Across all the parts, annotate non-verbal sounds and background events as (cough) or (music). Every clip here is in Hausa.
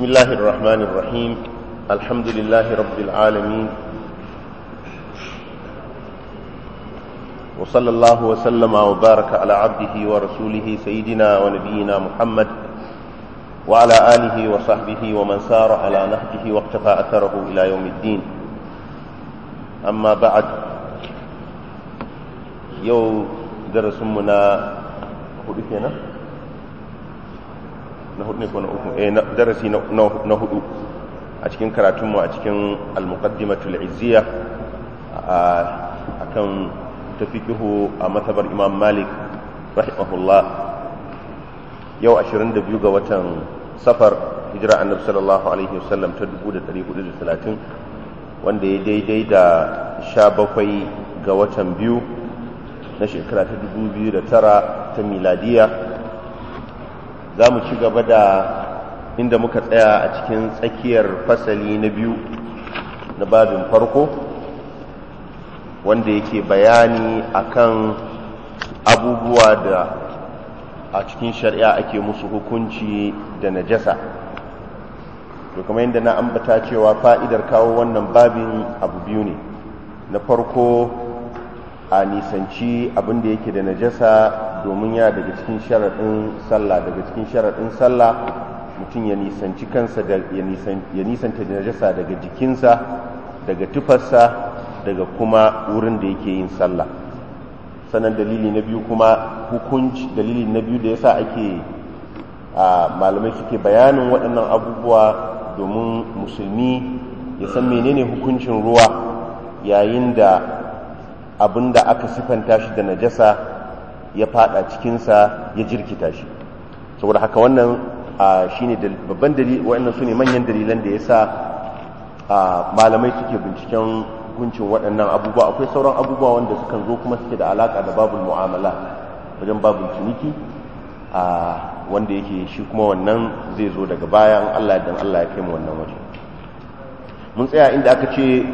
بسم الله الرحمن الرحيم الحمد لله رب العالمين وصلى الله وسلم وبارك على عبده ورسوله سيدنا ونبينا محمد وعلى آله وصحبه ومن سار على نهجه واقتفى أثره إلى يوم الدين أما بعد يوم درس منا هدفنا na hudu ne ko na uku eh darasi na hudu a cikin karatun mu a cikin al-muqaddimatul izziya a akan tafiqihu a matabar imam malik rahimahullah yau 22 ga watan safar hijira annabi sallallahu alaihi wasallam ta 1430 wanda ya daidai da 17 ga watan biyu na shekara ta 2009 ta miladiya za mu ci gaba da inda muka tsaya a cikin tsakiyar fasali na biyu na babin farko wanda yake bayani akan abubuwa da a cikin shari'a ake musu hukunci da najasa to kuma yadda na ambata cewa fa'idar kawo wannan babin abu biyu ne na farko a nisanci abin da yake da najasa domin ya daga cikin sharaɗin sallah daga cikin sharaɗin sallah mutum ya nisanci kansa da ya nisanta da najasa daga jikinsa daga tufarsa daga kuma wurin da yake yin sallah sannan dalili na biyu kuma hukunci dalili na biyu da yasa ake a malamai suke bayanin waɗannan abubuwa domin musulmi ya san menene hukuncin ruwa yayin da abin da aka sifanta shi da najasa ya fada cikinsa ya jirkita shi saboda haka wannan shi ne babban dalil waɗannan su ne manyan dalilan da ya sa malamai suke binciken guncin waɗannan abubuwa akwai sauran abubuwa wanda suka zo kuma suke da alaƙa da babul mu'amala wajen babul ciniki wanda yake shi kuma wannan zai zo daga bayan allah allah ya kai mu wannan waje mun tsaya inda aka ce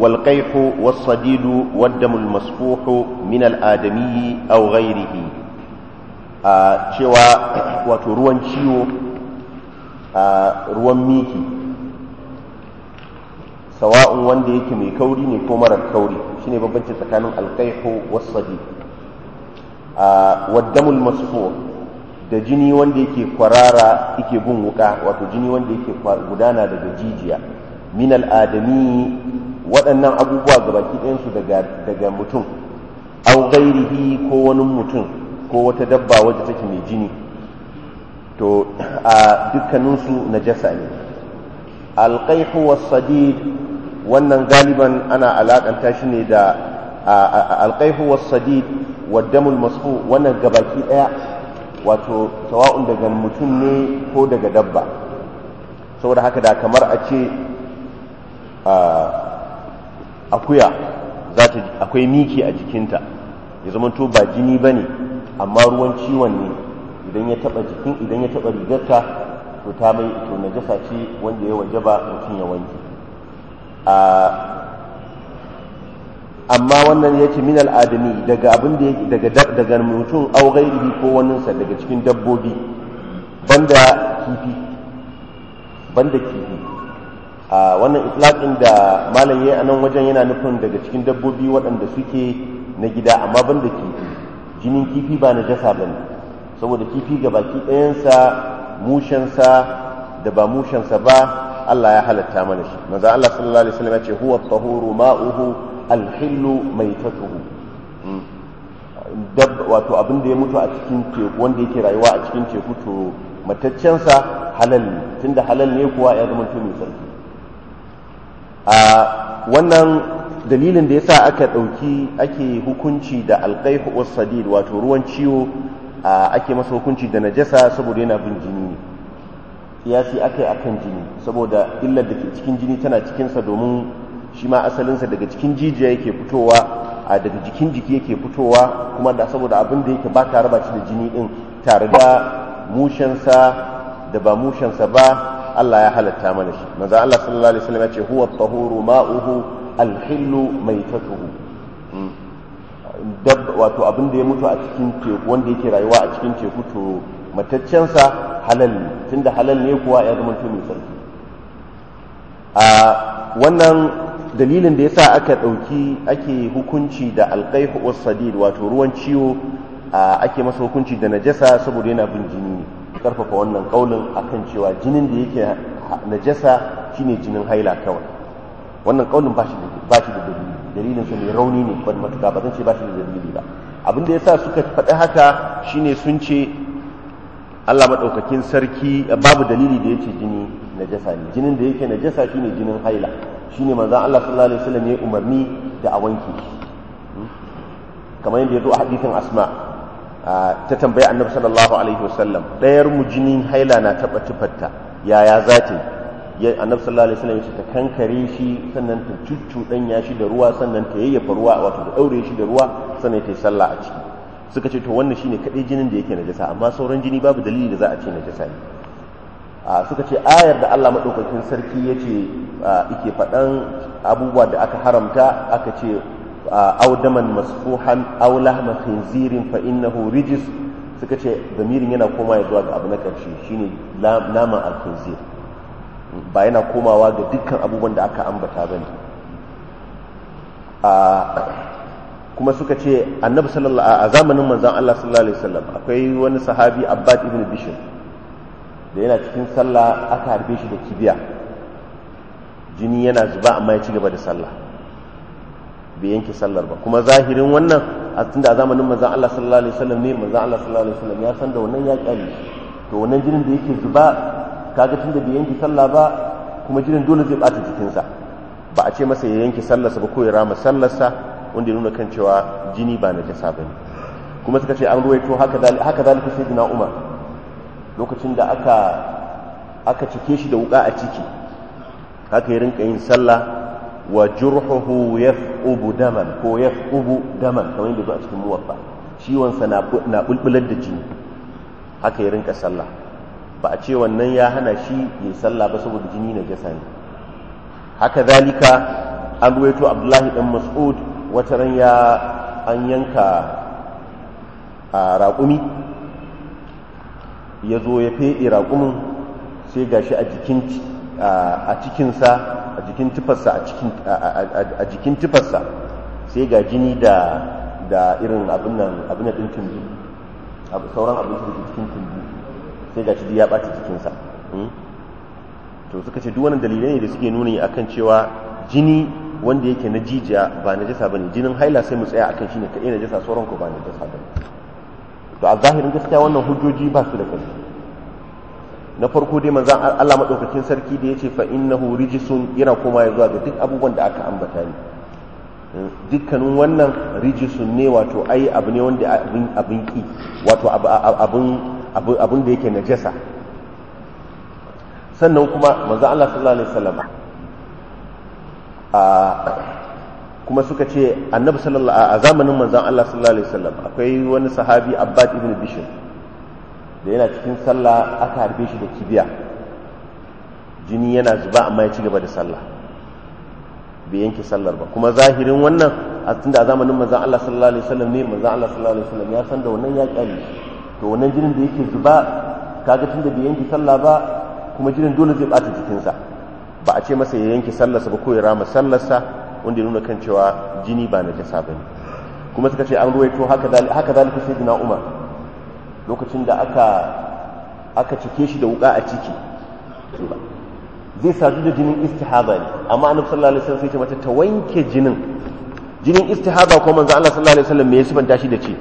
والقيح والصديد والدم المسفوح من الآدمي أو غيره cewa wato ruwan ciwo ruwan miki sawa'un wanda yake mai kauri ne ko marar kauri shine bambanci tsakanin alkaihu wasadi waddamul masfu da jini wanda yake kwarara yake bin wuka wato jini wanda yake gudana daga jijiya min al'adami waɗannan abubuwa gabaki ɗayansu daga mutum an gairihi ko wani mutum ko wata dabba wadda take mai jini to a dukkaninsu na jasa ne alƙaihu sadi wannan galiban ana alaƙanta shi ne da alƙaihu wa Damul masu wannan gabaki ɗaya wato sawa'un daga mutum ne ko daga dabba saboda haka da kamar a ce akuya akwai miki a jikinta ya zama to ba jini ba ne amma ruwan ciwon ne idan ya taba jikin idan ya taba rigarta to ta mai to jasa ce wanda ya waje ba mutum ya wanke amma wannan ya ce min al'adami daga abin da daga daga mutum au ghairihi ko wannansa daga cikin dabbobi banda kifi banda kifi a wannan itlaqin da malaye a nan wajen yana nufin daga cikin dabbobi waɗanda suke na gida amma ban da kifi jinin kifi ba na jasa ba ne saboda kifi ga baki ɗayansa mushensa da ba mushensa ba Allah ya halatta mana shi manzo Allah sallallahu alaihi wasallam ya ce huwa tahuru ma'uhu alhillu mai hmm. dab wato abin da ya mutu a cikin teku wanda yake rayuwa a cikin teku to mataccensa halal ne tunda halal ne kuwa ya zama to mai sarki a wannan dalilin da ya sa aka ɗauki ake hukunci da alƙaihu wasadid wato ruwan ciwo ake masa hukunci da najasa saboda yana bin jini ne kiyasi aka yi akan jini saboda illar da ke cikin jini tana cikinsa domin shi ma asalinsa daga cikin jijiya yake fitowa a daga jikin jiki yake fitowa kuma da saboda abin da yake ba tare ba shi da jini din tare da mushensa da ba mushensa ba Allah ya halatta mana shi manzo Allah sallallahu alaihi wasallam ya ce huwa tahuru ma'uhu alhillu maitatuhu hmm. dab wato abin da ya mutu a cikin teku wanda yake rayuwa a cikin teku to sa halal ne tunda halal ne kuwa ya zama mai sarki a wannan dalilin da yasa aka dauki ake hukunci da alqaihu was sadid wato ruwan ciwo ake masa hukunci da najasa saboda yana bin jini ne karfafa wannan kaulin akan cewa jinin da yake najasa shine jinin haila kawai wannan kaulin ba shi da dalili dalilin su ne rauni ne ban matuka ba zan ce ba shi da dalili ba abin da yasa suka faɗi haka shine sun ce Allah madaukakin sarki babu dalili da yace jini najasa ne jinin da yake najasa shine jinin haila shine manzon Allah sallallahu alaihi wasallam ya umarni da a wanke shi hmm? kamar yadda ya zo a hadisin asma' ta tambaya annabi sallallahu alaihi wasallam ɗayar mu jinin haila na taɓa tufarta yaya za ta annabi sallallahu alaihi wasallam ya ce ta kankare shi sannan ta cuccuɗanya shi da ruwa sannan ta yayyafa ruwa wato ta ɗaure shi da ruwa sannan ta yi sallah a ciki suka ce to wannan shine kaɗai jinin da yake najasa amma sauran jini babu dalili da za a ce najasa ne a suka ce ayar da Allah madaukakin sarki yace ike faɗan abubuwa da aka haramta aka ce aw daman masfuhan aw lahma khinzirin fa innahu rijis suka ce damirin yana komawa zuwa ga abu na karshe shine naman al-khinzir ba yana komawa ga dukkan abubuwan da aka ambata bane kuma suka ce annabi sallallahu a zamanin manzon Allah sallallahu alaihi wasallam akwai wani sahabi Abbad ibn Bishr da yana cikin sallah aka harbe shi da kibiya jini yana zuba amma ya ci gaba da sallah bai yanke sallar ba kuma zahirin wannan a tunda a zamanin manzon Allah sallallahu alaihi wasallam ne manzon Allah sallallahu alaihi wasallam ya san da wannan ya kyale to wannan jinin da yake zuba kaga tunda bai yanke sallah ba kuma jinin dole zai bata jikinsa ba a ce masa ya yanke sallarsa ba ko ya rama sallarsa wanda ya nuna kan cewa jini ba na jasa ba ne kuma suka ce an ruwaito haka haka zalika sayyidina Umar lokacin da aka aka cike shi da wuka a ciki haka ya rinka yin sallah wa jurhuhu yaf'ubu daman ko yaf'ubu daman kamar yadda zo a cikin muwaffa sa na bulbular da jini haka ya rinka sallah ba a ce wannan ya hana shi ya sallah ba saboda jini na gasa ne haka zalika an ruwaito abdullahi dan mas'ud wata ran ya an yanka a raƙumi ya zo ya feɗe raƙumin sai gashi a cikinsa a jikin tufarsa a jikin tufarsa sai ga jini da da irin abin nan abin din sauran abin da jikin tumbi sai ga shi ya ɓata jikinsa hmm? to suka ce duk dalilai ne da suke nuni akan cewa jini wanda yake na jijiya ba na jasa ne. jinin haila sai mu tsaya akan shi ne kaɗai na jasa sauran ko ba na jasa bane to a zahirin gaskiya wannan hujjoji ba su da kai. na farko dai manzan Allah maɗaukacin sarki da ya ce fa'innahu rijisun yana koma ya zuwa ga duk abubuwan da aka ambata ne hmm, dukkanin wannan rijisun ne wato ai abu ne wanda abin ƙi wato abin da yake najasa sannan kuma manzan Allah sallallahu alaihi wasallam kuma suka ce annabi sallallahu a zamanin manzan Allah sallallahu alaihi wasallam akwai wani sahabi Abbad ibn Bishr da yana cikin sallah aka harbe shi da kibiya jini yana zuba amma ya ci gaba da sallah bai yanke sallar ba kuma zahirin wannan a tunda a zamanin manzon Allah sallallahu alaihi wasallam ne manzon Allah sallallahu alaihi wasallam ya san da wannan ya kyale to wannan jinin da yake zuba kaga tunda bai yanke sallah ba kuma jinin dole zai bata jikinsa ba a ce masa ya yanke sallarsa ba ko ya rama sallarsa wanda ya nuna kan cewa jini ba na jasa bane kuma suka ce an ruwaito haka haka zalika sayyidina Umar lokacin da aka aka cike shi da wuka a ciki zai sadu da jinin istihaba ne amma annabi sallallahu alaihi wasallam sai ce mata ta wanke jinin jinin istihaba ko manzo Allah sallallahu alaihi wasallam me ya ban tashi da ce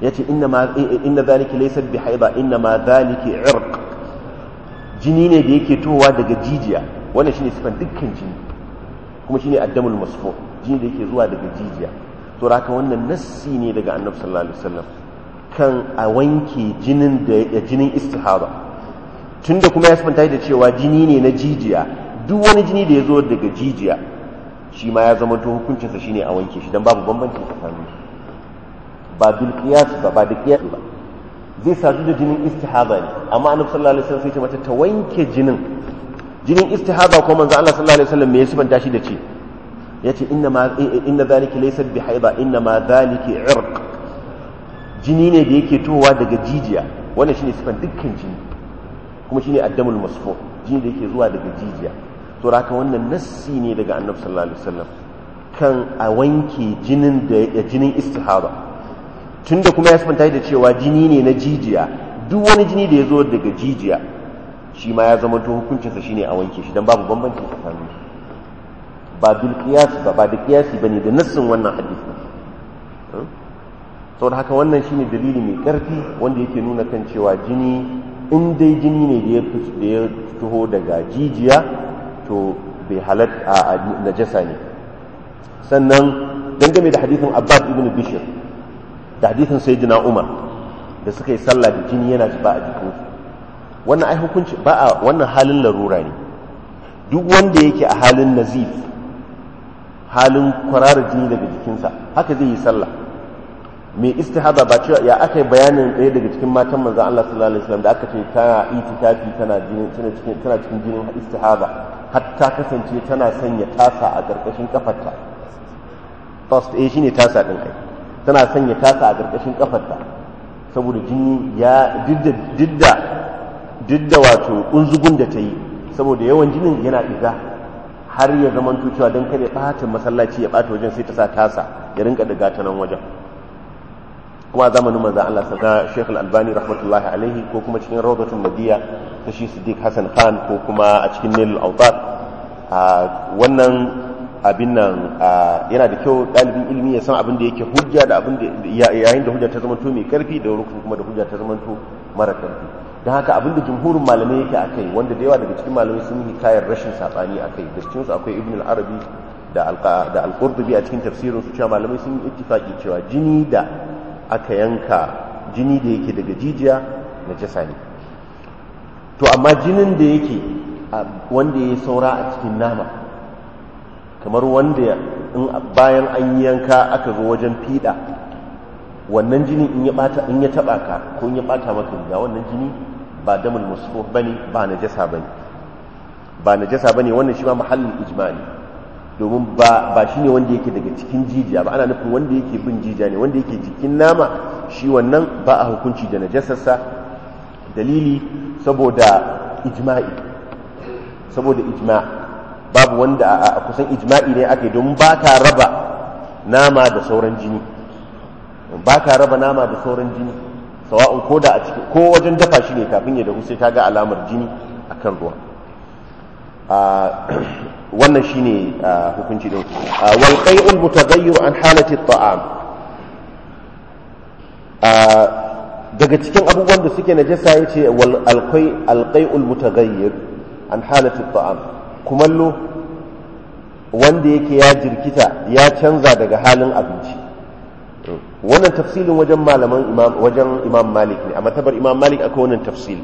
yace inna ma inna zalika laysa bihaiba inna ma zalika irq jini ne da yake towa daga jijiya wannan shine sifan dukkan jini kuma shine addamul masfu jini da yake zuwa daga jijiya to haka wannan nassi ne daga annabi sallallahu alaihi wasallam kan a wanke jinin da jinin istihaba tunda kuma ya sabanta da cewa jini ne na jijiya duk wani jini da ya zo daga jijiya shi ma ya zama to hukuncinsa shine a wanke shi dan babu bambanci tsakanin su ba bil qiyas ba ba da qiyas ba zai sadu da jinin istihaba ne amma annabi sallallahu alaihi wasallam sai ce mata ta wanke jinin jinin istihaba ko manzo Allah sallallahu alaihi wasallam me ya sabanta shi da ce yace inna ma inna zalika laysa bi haida inna ma zalika irq jini ne da yake towa daga jijiya wannan shine sifan dukkan jini kuma shine addamul masfu jini da yake zuwa daga jijiya to haka wannan nassi ne daga annabi sallallahu alaihi wasallam kan a wanke jinin da jinin istihaba tunda kuma ya sifanta da cewa jini ne na jijiya duk wani jini da ya zo daga jijiya shi ma ya zama to hukuncinsa shine a wanke shi dan babu bambanci tsakanin su ba bil qiyas ba ba da qiyasi bane da nassin wannan hadisi hmm? saboda haka wannan shine dalili mai ƙarfi wanda yake nuna kan cewa jini in dai jini ne da ya fito daga jijiya to bai halatta a najasa ne sannan dangane da hadithin abbad ibn bishir da hadithin jina umar da suka yi sallah da jini yana ba a jikinsu wannan ai hukunci ba a wannan halin larura ne duk wanda yake a halin nazif halin kwararar jini daga jikinsa haka zai yi sallah mai istihada ba cewa ya aka yi bayanin ɗaya daga cikin matan manzan Allah sallallahu alaihi wasallam da aka ce tana tafi tana jinin tana cikin tana cikin jinin istihada har ta kasance tana sanya tasa a ƙarƙashin kafarta first eh shine tasa din ai tana sanya tasa a ƙarƙashin kafarta saboda jini ya didda didda didda wato unzugun da ta yi saboda yawan jinin yana iga. har ya zamanto cewa don kada ya ɓata masallaci ya ɓata wajen sai ta sa tasa ya rinka daga ta nan wajen kuma zamanin manzo Allah na Sheikh Al-Albani rahmatullahi alaihi ko kuma cikin Rawdatul madia ta shi Siddiq Hassan Khan ko kuma a cikin Nailul Awtar wannan abin nan yana da kyau dalibin ilimi ya san abin da yake hujja da abin da yayin da hujja ta to mai karfi da rukun kuma da hujja ta to mara karfi don haka abin da jumhurin malamai yake akai wanda da yawa daga cikin malamai sun yi kayan rashin sabani a kai da cikinsu akwai ibn arabi da al-qurdubi a cikin tafsirin su cewa malamai sun yi ittifaqi cewa jini da aka yanka jini da yake daga jijiya na jasa ne to amma jinin da yake wanda ya saura a cikin nama kamar wanda in bayan an yi yanka aka zo wajen fiɗa wannan jini in ya bata ya ka ko in ya bata maka riga wannan jini ba damul musfuh bane ba najasa bane ba najasa bane wannan shi ma mahallin ijma domin ba ba shine wanda yake daga cikin jijiya ba ana nufin wanda yake bin jijiya ne wanda yake jikin nama shi wannan ba a hukunci da najasarsa dalili saboda ijma'i saboda ijma'i babu wanda a kusan ijma'i ne ake domin ba ka raba nama da sauran jini ba ka raba nama da sauran jini sawa'un ko da a cikin ko wajen dafa shi ne kafin ya dahu sai ka ga alamar jini akan ruwa ah, wannan shi ne ah, hukunci din ah, Walƙai qai'ul mutaghayyir an halati ta'am ah, daga cikin abubuwan da suke najasa yace ce alqai alqai'ul mutaghayyir an halati at'am kumallo wanda yake ya jirkita ya canza daga halin abinci wannan tafsilin wajen malaman wajen imam malik ne a matabar imam malik akwai wannan tafsil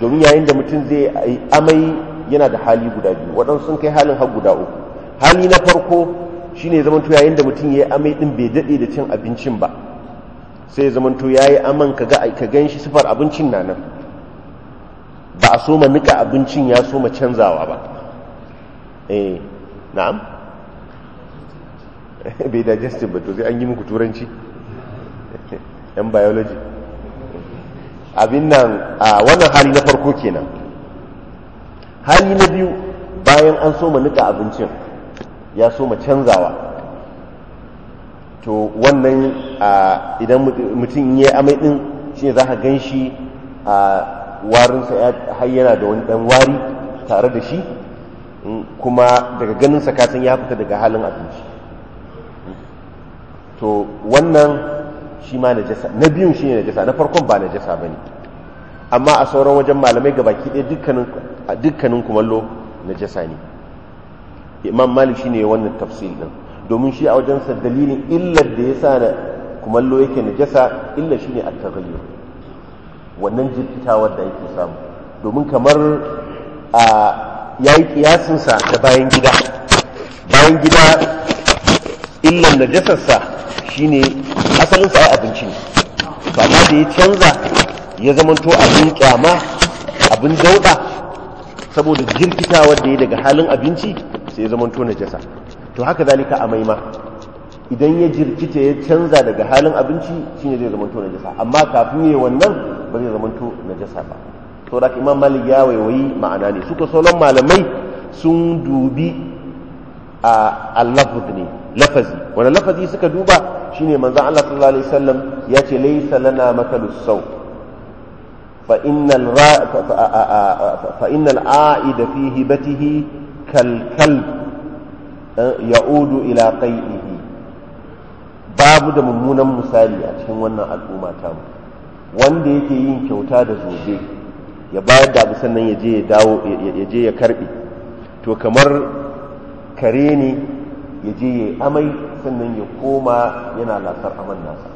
domin yayin da mutum zai amai yana da hali guda biyu waɗansu sun kai halin har guda uku hali na farko shi ne zamanto yayin da mutum ya yi amai ɗin bai daɗe da cin abincin ba sai zamanto ya yi aman ka ga ka gan shi sifar abincin na nan ba a soma nika abincin ya soma canzawa ba eh na'am (laughs) bai digestive ba to sai an yi muku turanci (laughs) yan biology abin nan a wannan hali na farko kenan hali na biyu bayan an soma nika abincin ya soma canzawa to wannan idan mutum ya amai din shi za ka gan shi a warinsa ya hayyana da wani dan wari tare da shi kuma daga ganinsa kasan ya fita daga halin abinci to wannan shi ma na jasa na biyun shi ne na najasa na farkon ba na jasa ba ne amma a sauran wajen malamai ga baki ɗaya dukkanin kumallo na jasa ne imam malik shi ne wannan tafsir ɗin domin shi a wajensa dalilin illar da ya sa na kumallo yake na jasa illar shi ne a tagayyar wannan jirkitawar da yake samu domin kamar a ya yi kiyasinsa da bayan gida bayan gida illar na jasarsa shi ne asalinsa ya abinci ne ba ma da ya canza ya zamanto abin kyama abin dauda saboda jirkita wanda ya daga halin abinci sai ya zamanto najasa to haka zalika amai ma idan ya jirkita ya canza daga halin abinci shine zai zamanto najasa amma kafin yayin wannan ba zai zamanto najasa ba to da imam malik ya waiwayi ma'ana ne suka sauran malamai sun dubi a al-lafz ne lafazi wani lafazi suka duba shine manzon Allah sallallahu alaihi wasallam ya ce laysa lana makalus sau فإن, فإن العائد في هبته كالكلب يعود إلى قيئه babu da mummunan misali a cikin wannan al'umma ta mu wanda yake yin kyauta da zobe ya bayar da sannan ya je ya dawo to kamar kare ne ya je ya amai sannan ya koma yana lasar aman nasa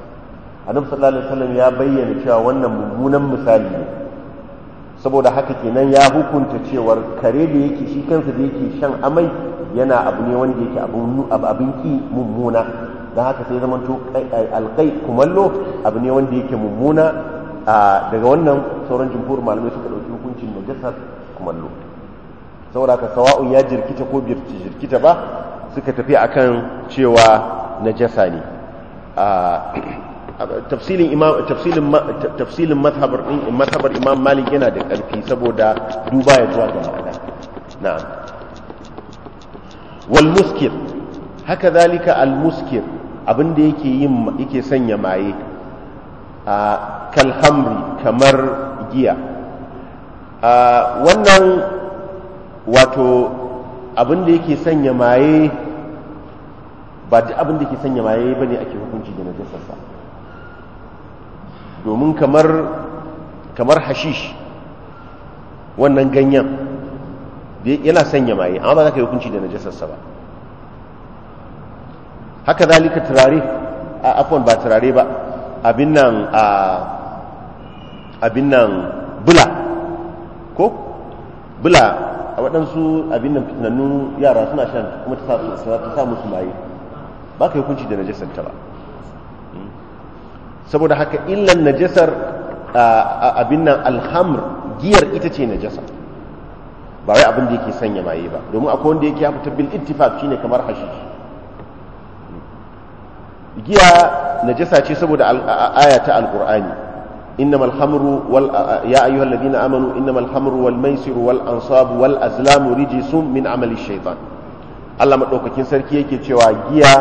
annabi sallallahu alaihi wasallam ya bayyana cewa wannan mummunan misali ne saboda haka kenan ya hukunta cewar kare da yake shi kansa da yake shan amai yana abu ne wanda yake abin ki mummuna da haka sai zaman to alkai kumallo abu ne wanda yake mummuna daga wannan sauran jumhur malamai suka ɗauki hukuncin najasar kumallo saboda haka sawa'un ya jirkita ko bai jirkita ba suka tafi akan cewa najasa ne tafsilin imam tafsilin tafsilin mazhabar din mazhabar imam malik yana da karfi saboda duba ya zuwa ga ma'ana na'am wal muskir haka zalika al muskir abin da yake yin yake sanya maye a kalhamri kamar giya a wannan wato abin da yake sanya maye ba duk abin da ke sanya maye ba ne ake hukunci da najasarsa domin kamar hashish wannan ganyen yana sanya maye amma ba za ka yi hukunci da najasarsa ba haka zalika turare a afon ba turare ba abin nan a abin nan bula ko bula a waɗansu abin nan fitnannu yara suna shan kuma ta sa musu maye ba ka yi hukunci da najasarta ba saboda haka illan najasar abin nan alhamr giyar ita ce najasa ba wai abin da yake sanya maye ba domin akwai wanda yake ya tabbil bil ittifaq shine kamar hashish giya najasa ce saboda aya ta alqur'ani إنما الخمر وال... يا أيها الذين آمنوا إنما الخمر والميسر والأنصاب والأزلام رجس من عمل الشيطان الله مدوكاكين sarki yake cewa giya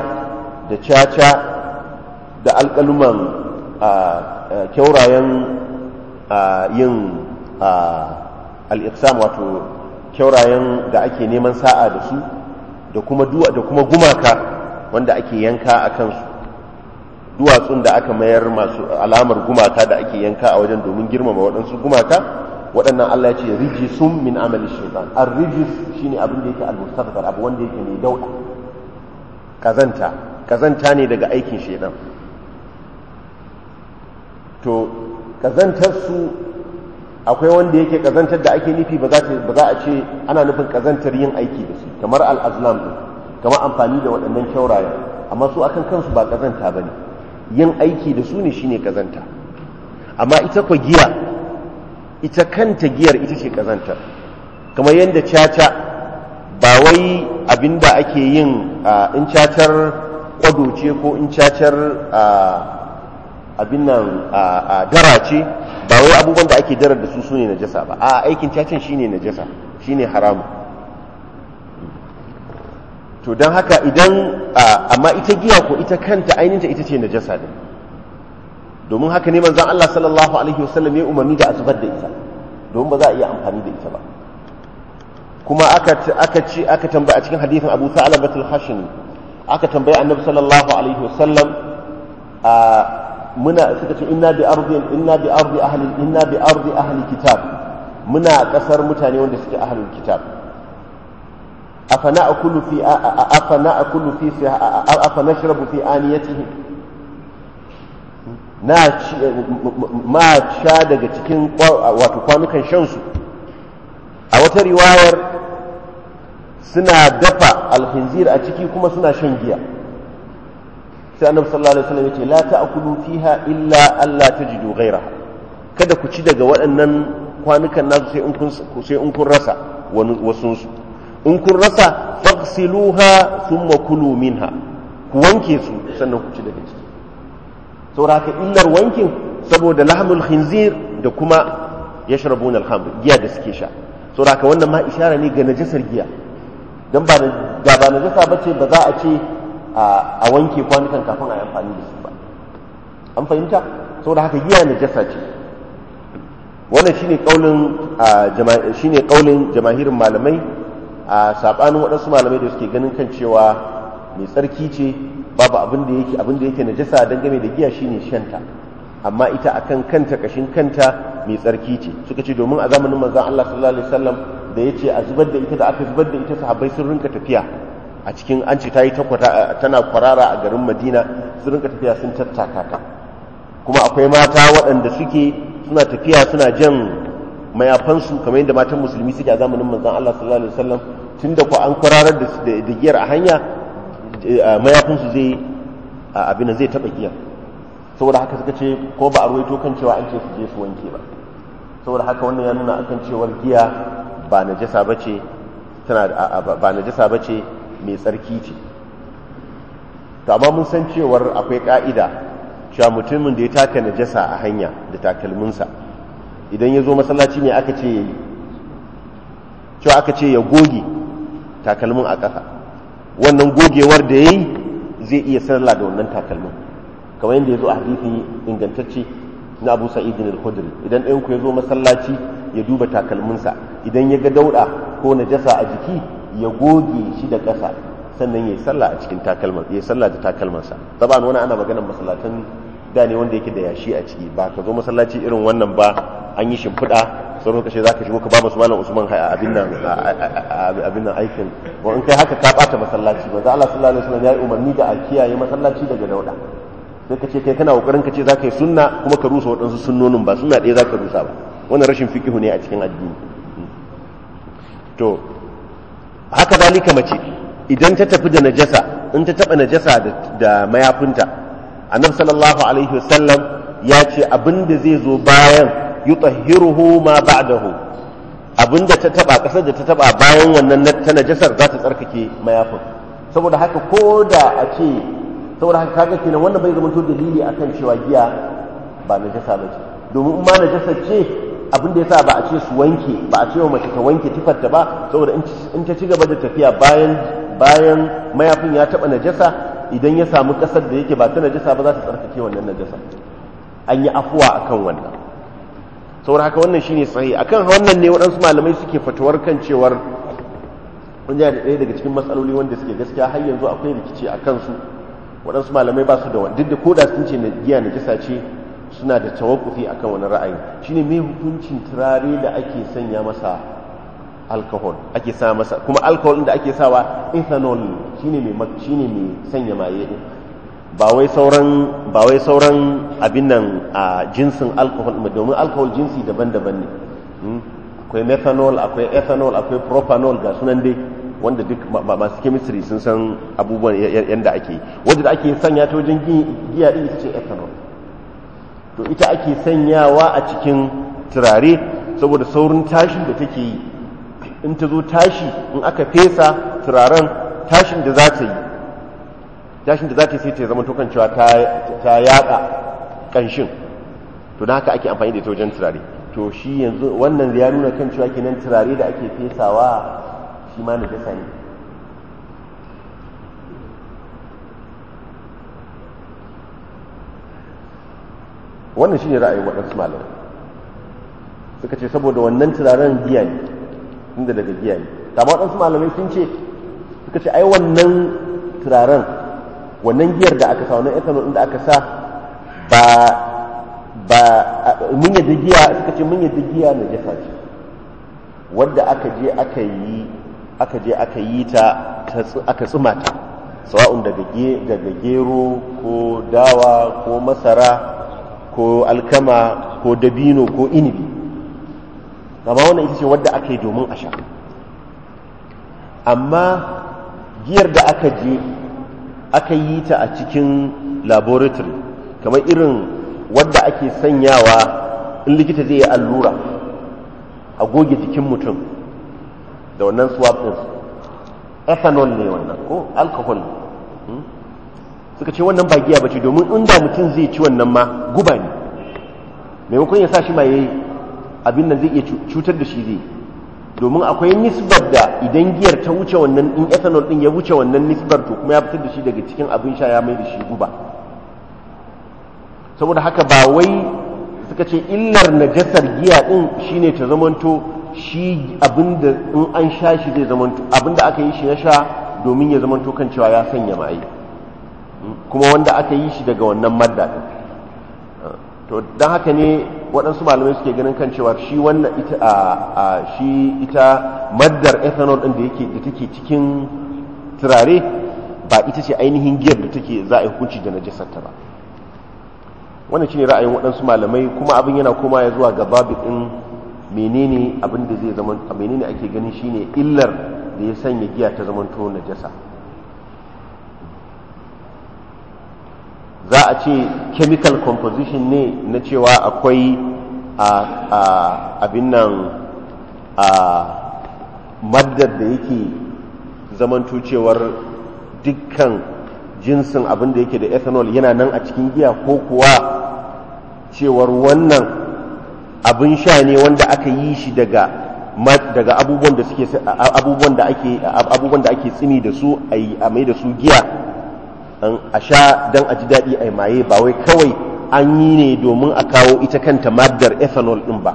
da caca da alƙaluman kyaurayen yin al'iksam wato kyaurayen da ake neman sa'a da su da kuma duwa da kuma gumaka wanda ake yanka a kansu duwatsun da aka mayar masu alamar gumaka da ake yanka a wajen domin girmama waɗansu gumaka waɗannan Allah ya ce rijisun min amalin shekaru an rijis shi ne abin da yake al abu wanda yake mai dauka ƙazanta ƙazanta ne daga aikin shekaru to su akwai wanda yake kazantar da ake nufi ba za a ce ana nufin kazantar yin aiki da su kamar al'azlam ɗin kamar amfani da waɗannan kyaurayen amma su akan kansu ba kazanta ba ne yin aiki da su ne shi ne kazanta. amma ita kwa giya ita kanta giyar ita ce ƙazantar kamar yadda caca ba wai abin da ake yin in cacar kwado ce ko in cacar abin nan a dara ce ba wai abubuwan da ake darar da su su ne najasa ba a aikin cacin ne najasa ne haramu to don haka idan amma ita giya ko ita kanta ainihinta ita ce najasa ne domin haka ne zan Allah sallallahu alaihi wasallam ya umarni da a zubar da ita domin ba za a iya amfani da ita ba kuma aka ci aka tambaya a cikin hadithin Abu Sa'labatul Hashimi aka tambaya Annabi sallallahu alaihi wasallam muna suka ce inna bi ardi inna bi ardi ahli inna bi ardi ahli kitab muna kasar mutane wanda suke ahlul kitab afana akulu fi afana akulu fi afana shrabu fi aniyatihi na ma sha daga cikin wato kwanukan shan su a wata riwayar suna dafa alhinzir a ciki kuma suna shan giya sai annabi sallallahu alaihi wasallam yace la ta'kulu fiha illa alla tajidu ghayraha kada ku ci daga waɗannan kwanukan nasu sai in kun sai in kun rasa wasun su in kun rasa faghsiluha thumma kulu minha ku wanke su sannan ku ci daga ciki saboda illar wankin saboda lahmul khinzir da kuma yashrabuna al-khamr giya da suke sha saboda wannan ma isharar ne ga najasar giya dan ba da ba najasa bace ba za a ce a wanke kwanukan kafin a amfani da su ba an fahimta sau da haka giya jasa ce wannan shine kaulin shine jamahirin malamai a saɓanin waɗansu malamai da suke ganin kan cewa mai tsarki ce babu abin da yake abin da yake najasa dangane da giya shine shanta amma ita akan kanta kashin kanta mai tsarki ce suka ce domin a zamanin manzon Allah sallallahu alaihi wasallam da yace a zubar da ita da aka zubar da ita sahabbai sun rinka tafiya a cikin an ce ta yi tana kwarara a garin madina su rinka tafiya sun tattaka ta kuma akwai mata waɗanda suke suna tafiya suna jan mayafansu kamar yadda matan musulmi suke a zamanin manzan Allah sallallahu alaihi wasallam tun da ku an kwararar da giyar a hanya eh, mayafinsu zai abin zai taɓa giyar saboda haka suka ce ko ba a ruwaito kan cewa an ce su je su wanke ba saboda haka wannan ya nuna akan cewar giya ba najasa bace tana ba najasa mai tsarki ce to amma mun san cewar akwai ka'ida cewa mutumin da ya taka najasa a hanya da takalminsa idan ya zo masallaci ne aka ce aka ce ya goge takalmin a ƙasa wannan gogewar da ya yi zai iya sarla da wannan takalmin kamar yadda ya zo a hadisi ingantacce na Abu Sa'id al-Khudri idan ɗayanku ya zo masallaci ya duba takalminsa idan ya ga dauɗa ko najasa a jiki ya goge shi da ƙasa sannan ya yi a cikin takalmar ya yi sallah da takalmansa ba wani ana maganar masallatan da wanda yake da yashi a ciki ba ka zo masallaci irin wannan ba an yi shimfiɗa sauran kashe za ka shigo ka ba musu malam usman a abin nan aikin ba in kai haka ka ɓata masallaci ba za a lasu alaihi yayi umarni da a kiyaye masallaci daga dauda sai ka ce kai kana kokarin ka ce za ka yi sunna kuma ka rusa waɗansu sunnonin ba sunna ɗaya za ka rusa ba wannan rashin fikihu ne a cikin addini haka zalika mace idan ta tafi da najasa in ta taba najasa da mayafinta annabi sallallahu alaihi wasallam ya ce abinda zai zo bayan yutahhiruhu ma ba'dahu abinda ta taba kasar da ta taba bayan wannan ta najasar za ta tsarkake mayafin saboda haka ko da a ce saboda haka kaga kenan wannan bai zama to dalili akan cewa giya ba najasa ba ce domin in ma najasa ce abin da ya sa ba a ce su wanke ba a ce wa mace ta wanke tufarta ba saboda in ta ci gaba da tafiya bayan bayan mayafin ya taba najasa idan ya samu kasar da yake ba ta najasa ba za ta tsarkake wannan najasa an yi afuwa akan wannan saboda haka wannan shine sahi akan wannan ne waɗansu malamai suke fatuwar kan cewar wani da ɗaya daga cikin matsaloli wanda suke gaskiya har yanzu akwai rikici a kansu waɗansu malamai ba su da wani duk da koda sun ce na giya najasa ce suna da a akan wani ra'ayi shine mai hukuncin turare da ake sanya masa alcohol ake sa masa kuma alcohol da ake sawa ethanol shine mai shine mai sanya maye din ba wai sauran ba wai sauran abin nan a jinsin alcohol domin alcohol jinsi daban-daban ne hmm? akwai methanol akwai ethanol akwai propanol ga sunan dai wanda duk masu chemistry sun san abubuwan yadda ake wanda da ake sanya ta wajen giya din ita ce ethanol to ita ake sanyawa a cikin turare saboda saurin tashin da take yi in ta zo tashi in aka fesa turaren tashin da za ta yi tashin da za ta yi sai ta zama tokan cewa ta yaƙa ƙanshin, to da haka ake amfani da ita wajen turare to shi yanzu wannan ya nuna kan cewa kenan turare da ake fesawa shi ma na ne wannan shine ra'ayin waɗansu malamai suka ce saboda wannan turaren giya ne inda daga giya ne ma waɗansu malamai sun ce suka ce ai wannan turaren wannan giyar da aka sa wannan ethanol ɗin da aka sa ba ba mun yadda giya suka ce mun yadda giya na jefa ce wadda aka je aka yi aka je aka yi ta aka tsuma ta sawa'un daga gero ko dawa ko masara ko alkama ko dabino ko inibi amma wannan ita ce wadda aka yi domin a sha amma giyar da aka je aka yi ta a cikin laboratory kamar irin wadda ake sanyawa in likita zai yi allura a goge jikin mutum da wannan swap ethanol ne wannan ko alcohol ne hmm? suka ce wannan ba giya bace domin inda mutum zai ci wannan ma guba ne maimakon ya sa shi maye abin nan zai iya cutar da shi zai domin akwai nisbar da idan giyar ta wuce wannan in ethanol din ya wuce wannan nisbar to kuma ya fitar da shi daga cikin abin sha ya mai da shi guba saboda haka ba wai suka ce illar najasar giya din shine ta zamanto shi abin da in an sha shi zai zamanto abin da aka yi shi ya sha domin ya zamanto kan cewa ya sanya maye kuma wanda aka yi shi daga wannan madda din to don haka ne waɗansu malamai suke ganin kan cewa shi wannan ita a shi ita maddar ethanol ɗin da yake da take cikin turare ba ita ce ainihin giyar da take za a yi hukunci da najasarta ba wannan shine ra'ayin waɗansu malamai kuma abin yana koma ya zuwa ga babu ɗin menene abin da zai zama menene ake ganin shine illar da ya sanya giya ta zamanto najasa za a ce chemical composition ne na cewa akwai abin nan a maddar da yake zamanto cewar dukkan jinsin abin da yake da ethanol yana nan a cikin giya ko kuwa cewar wannan abin sha ne wanda aka yi shi daga daga abubuwan da suke abubuwan da ake da tsini da su a mai da su giya a sha don a ji daɗi a maye ba wai kawai an yi ne domin a kawo ita kanta maddar ethanol ɗin ba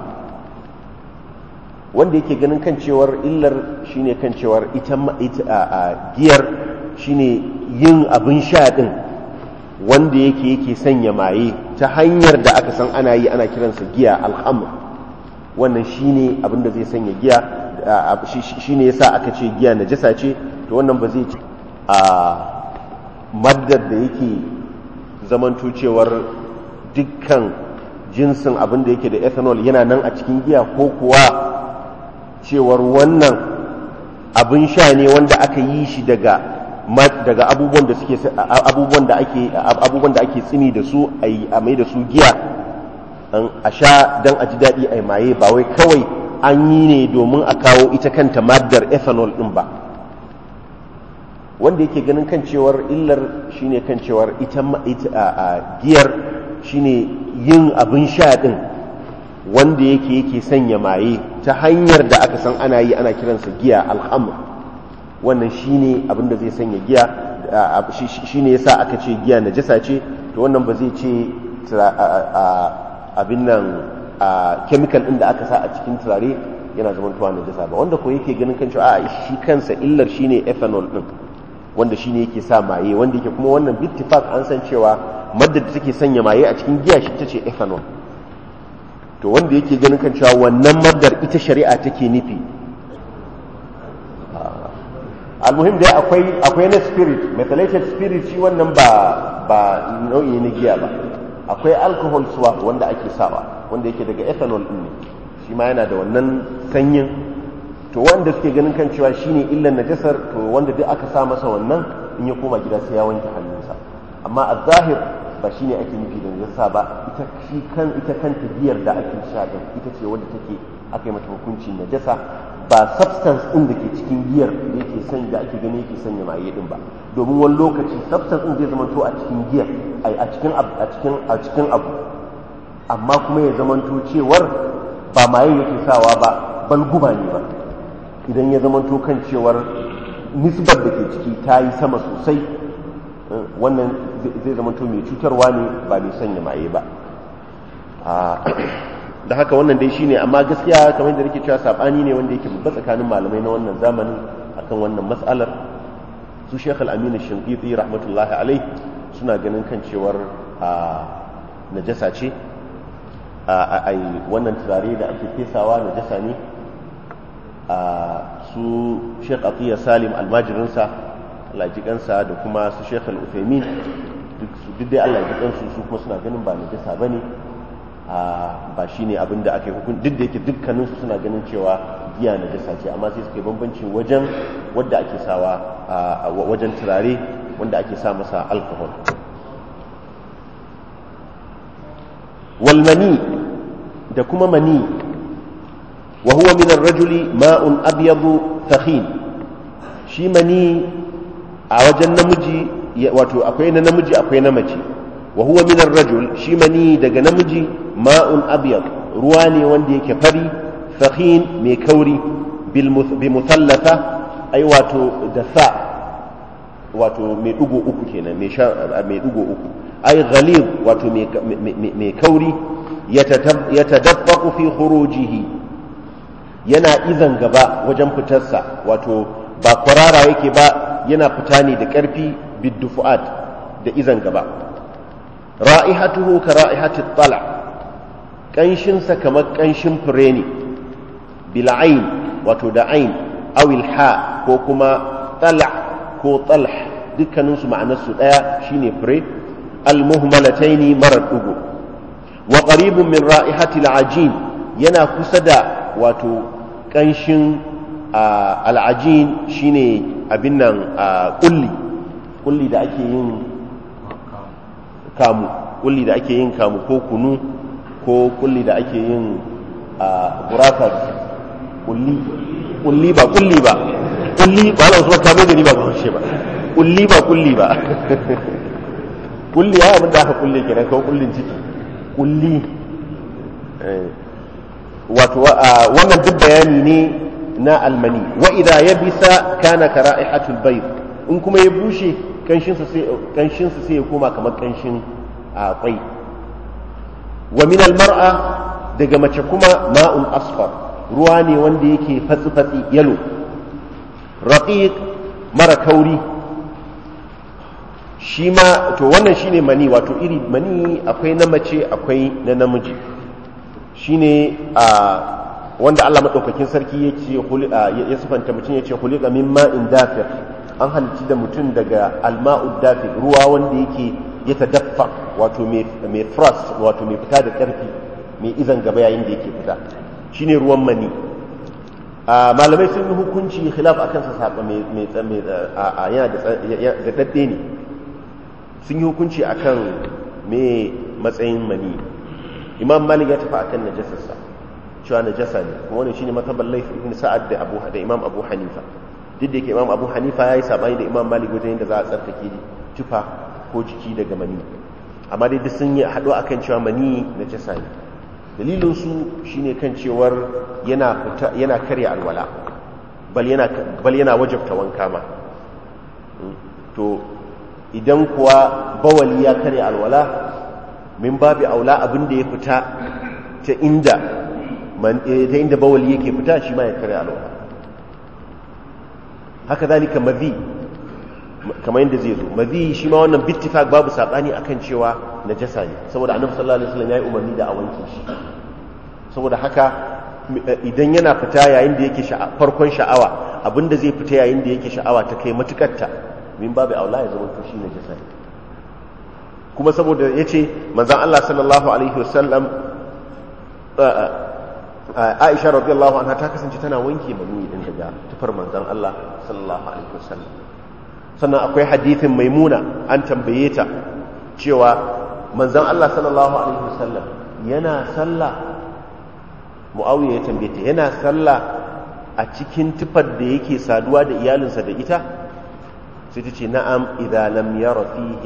wanda yake ganin kan cewar illar shine kan cewar ita a giyar shine yin abin sha ɗin wanda yake yake sanya maye ta hanyar da aka san ana yi ana kiransa giya alhamur wannan shine abin da zai sanya giya shine yasa aka ce giya najasa ce to wannan ba zai ce a maddar da yake zamanto cewar dukkan jinsin abin da yake da ethanol yana nan a cikin giya ko kuwa cewar wannan abin sha ne wanda aka yi shi daga daga abubuwan da suke abubuwan da ake abubuwan da ake tsini da su a mai da su giya a sha don a ji daɗi a maye ba wai kawai an yi ne domin a kawo ita kanta maddar ethanol ɗin ba wanda yake ganin kan cewar illar shine kan cewar ita a giyar shine yin abin sha ɗin. wanda yake yake sanya maye ta hanyar da aka san ana yi ana kiransa giya alhamr wannan shine abin da zai sanya giya shine yasa aka ce giya najasa ce to wannan ba zai ce abin nan chemical din da aka sa a cikin turare yana na najasa ba wanda ko yake ganin kan cewa a shi kansa illar shine ethanol ɗin. wanda shi ne yake sa maye wanda yake kuma wannan bittifak an san cewa madda da take sanya maye a cikin giya shi ta ce ethanol to wanda yake ganin kan cewa wannan maddar ita shari'a take nufi ah. almuhim dai akwai akwai na spirit methylated spirit shi wannan ba ba nau'i na giya ba akwai alcohol swap wanda ake sawa wanda yake daga ethanol din ne shi ma yana da wannan sanyin to wanda suke ganin kan cewa shine illan najasar to wanda duk aka sa masa wannan in ya koma gida sai ya wanke hannunsa amma a zahir ba shine ake nufi da najasa ba ita shi kan ita kanta giyar da ake sha ita ce wanda take aka yi mata hukuncin najasa ba substance din da ke cikin giyar da yake sanya da ake gani yake sanya maye din ba domin wani lokaci substance ɗin zai zama to a cikin giyar a cikin a cikin a cikin abu amma kuma ya zama to cewar ba maye yake sawa ba guba ne ba idan ya zama kan cewar nisbar da ke ciki ta yi sama sosai eh, wannan zai zama to mai cutarwa ne ba mai sanya maye ba ah, (clears throat) da haka wannan dai shine amma gaskiya kamar da rike cewa sabani ne wanda yake babba tsakanin malamai na wannan zamanin akan wannan matsalar su shekhal aminu amin rahmatullahi alai, suna ganin kan cewar ah, najasa ce ah, a wannan turare da ake fesawa najasa ne su sheikh atiyya salim almajirinsa lajikansa da kuma su sheikh al'ufemin duk dai allah jikansu su kuma suna ganin ba najasa ba ne ba shi ne abin da aka yi hukun duk da yake dukkaninsu suna ganin cewa giya najasa ce amma sai suke bambanci wajen wadda ake sawa wajen turare wanda ake sa masa alkohol walmani da kuma mani wa huwa min ar-rajuli abyadu thahin shi mani a wajen namiji wato akwai na namiji akwai na mace wa huwa min ar-rajul shi daga namiji ma'un abyad ruwa ne wanda yake fari thahin mai kauri bil muthallatha ai wato da sa wato mai dugo uku kenan mai sha mai dugo uku ai wato mai kauri yana izan gaba wajen fitarsa wato ba kwarara yake ba yana fita ne da ƙarfi biddufu'at da izan gaba ra'ihatuhu ka ra'ihati tsala ƙanshinsa kamar ƙanshin fure ne bil'ain wato da ain awil ha ko kuma tsala ko tsalh dukkaninsu ma'anarsu ɗaya shine fure almuhmalataini marar ɗugo wa ƙaribin min ra'ihati al'ajin yana kusa da wato ƙanshin al'ajin shine abin nan kulli kulli da ake yin kamu kulli da ake yin kamu ko kunu ko kulli da ake yin buratar kulli kulli ba kulli ba kulli ba na wasu kamar da ni ba kushe ba kulli ba kulli ba kulli (laughs) ya abin da aka kulle kenan ko kullin ciki kulli eh. wannan duk bayani ne na almani wa ya bisa kana ka ra'ihatul bayt in kuma ya bushe kanshin sa sai ya koma kamar kanshin kwai wa min almar'a daga mace kuma ma'un asfar ruwa ne wanda yake fatsi fatsi yalo raqiq mara kauri shi ma to wannan shine mani wato iri mani akwai na mace akwai na namiji Shi a wanda Allah maɗaukakin sarki ce ya sufanta mutum yace khuliqa min in dafi an halitta da mutum daga alma'ud dafiq ruwa wanda yake ya dafa wato mai frost wato mai fita da ƙarfi, mai izan gaba yayin da yake fita ne ruwan mani malamai sun yi hukunci khilaf a kansa saɓa, mai da ɗaɗɗe ne sun yi hukunci akan mai matsayin mani imam malik ya tafi akan najasarsa cewa najasa ne kuma wannan shine matabar laifin ibn sa'ad da abu da imam abu hanifa duk da yake imam abu hanifa yayi sabani da imam malik wajen yadda za a tsarkake tufa ko jiki daga mani amma dai duk sun yi hado akan cewa mani najasa ne dalilin su shine kan cewar yana fita yana karya alwala bal yana bal yana wajabta wanka ma to idan kuwa bawali ya karya alwala min babi aula abin da ya fita ta inda eh, ta inda bawali yake fita shi ma ya kare alwa haka zalika mazi kamar yadda zai zo mazi shi ma wannan bittifak babu sabani akan cewa najasa ne saboda annabi sallallahu alaihi wasallam yayi umarni da a wanke shi saboda haka idan yana fita yayin da yake farkon sha'awa abinda zai fita yayin da yake sha'awa ta kai matukarta min babu aula ya zama to shi najasa ne kuma saboda ya ce manzan Allah sallallahu alaihi wasallam aisha radiyallahu anha ta kasance tana wanke mani din daga tufar manzan Allah sallallahu alaihi wasallam sannan akwai hadithin maimuna an tambaye ta cewa manzan Allah sallallahu alaihi wasallam yana sallah muawiya ya tambaye ta yana sallah a cikin tufar da yake saduwa da iyalinsa da ita sai ta ce na'am idza lam yara fihi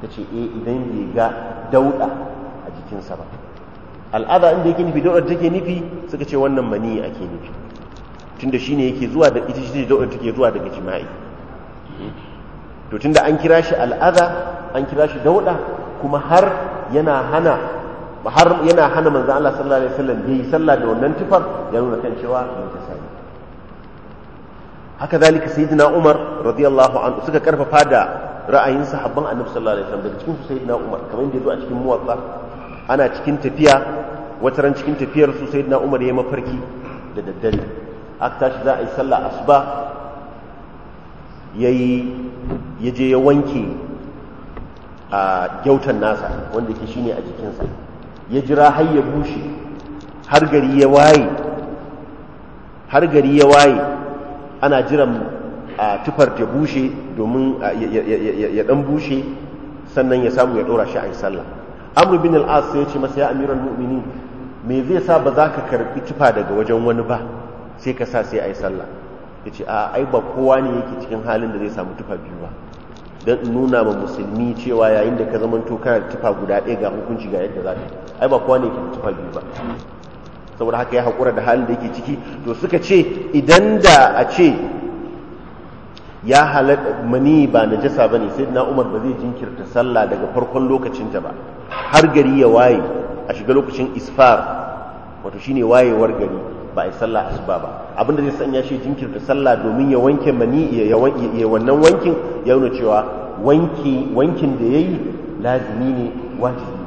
ta ce eh idan bai ga dauda a jikinsa ba al'ada inda yake nufi daudar take nufi suka ce wannan mani ake nufi tunda shine yake zuwa da ita shi daudar take zuwa daga jima'i to tunda an kira shi al'ada an kira shi dauda kuma har yana hana har yana hana manzon Allah sallallahu alaihi wasallam yayi sallah da wannan tufar ya nuna kan cewa mutasai haka zalika sayyidina Umar radiyallahu anhu suka karfafa da ra'ayin sahabban annabi sallallahu alaihi wasallam daga cikin su sayyidina umar kamar yadda zo a cikin muwatta ana cikin tafiya wata ran cikin tafiyar su sayyidina umar ya mafarki da daddare aka tashi za a yi sallah asuba yayi yaje ya wanke a gyautan nasa wanda yake shine a jikinsa ya jira har ya bushe har gari ya waye har gari ya waye ana jiran a tufar ta bushe domin ya dan bushe sannan ya samu ya dora shi a yi sallah amur bin al sai ya ce masa ya amiran mumini me zai sa ba za ka karbi tufa daga wajen wani ba sai ka sa sai a yi sallah ya ce a ai ba kowa ne yake cikin halin da zai samu tufa biyu ba don nuna ma musulmi cewa yayin da ka zamanto kana tufa guda ɗaya ga hukunci ga yadda za ka ai ba kowa ne yake tufa biyu ba saboda haka ya haƙura da halin da yake ciki to suka ce idan da a ce ya halatta mani ba na jasa ba ne sai na Umar ba zai jinkirta sallah daga farkon lokacinta ba har gari ya waye a shiga lokacin isfar wato shine wayewar gari ba a yi sallah su ba abinda zai sanya shi jinkirta sallah domin ya wanke mani ya wannan wankin ya nuna cewa wankin da ya yi lazimi ne wajibi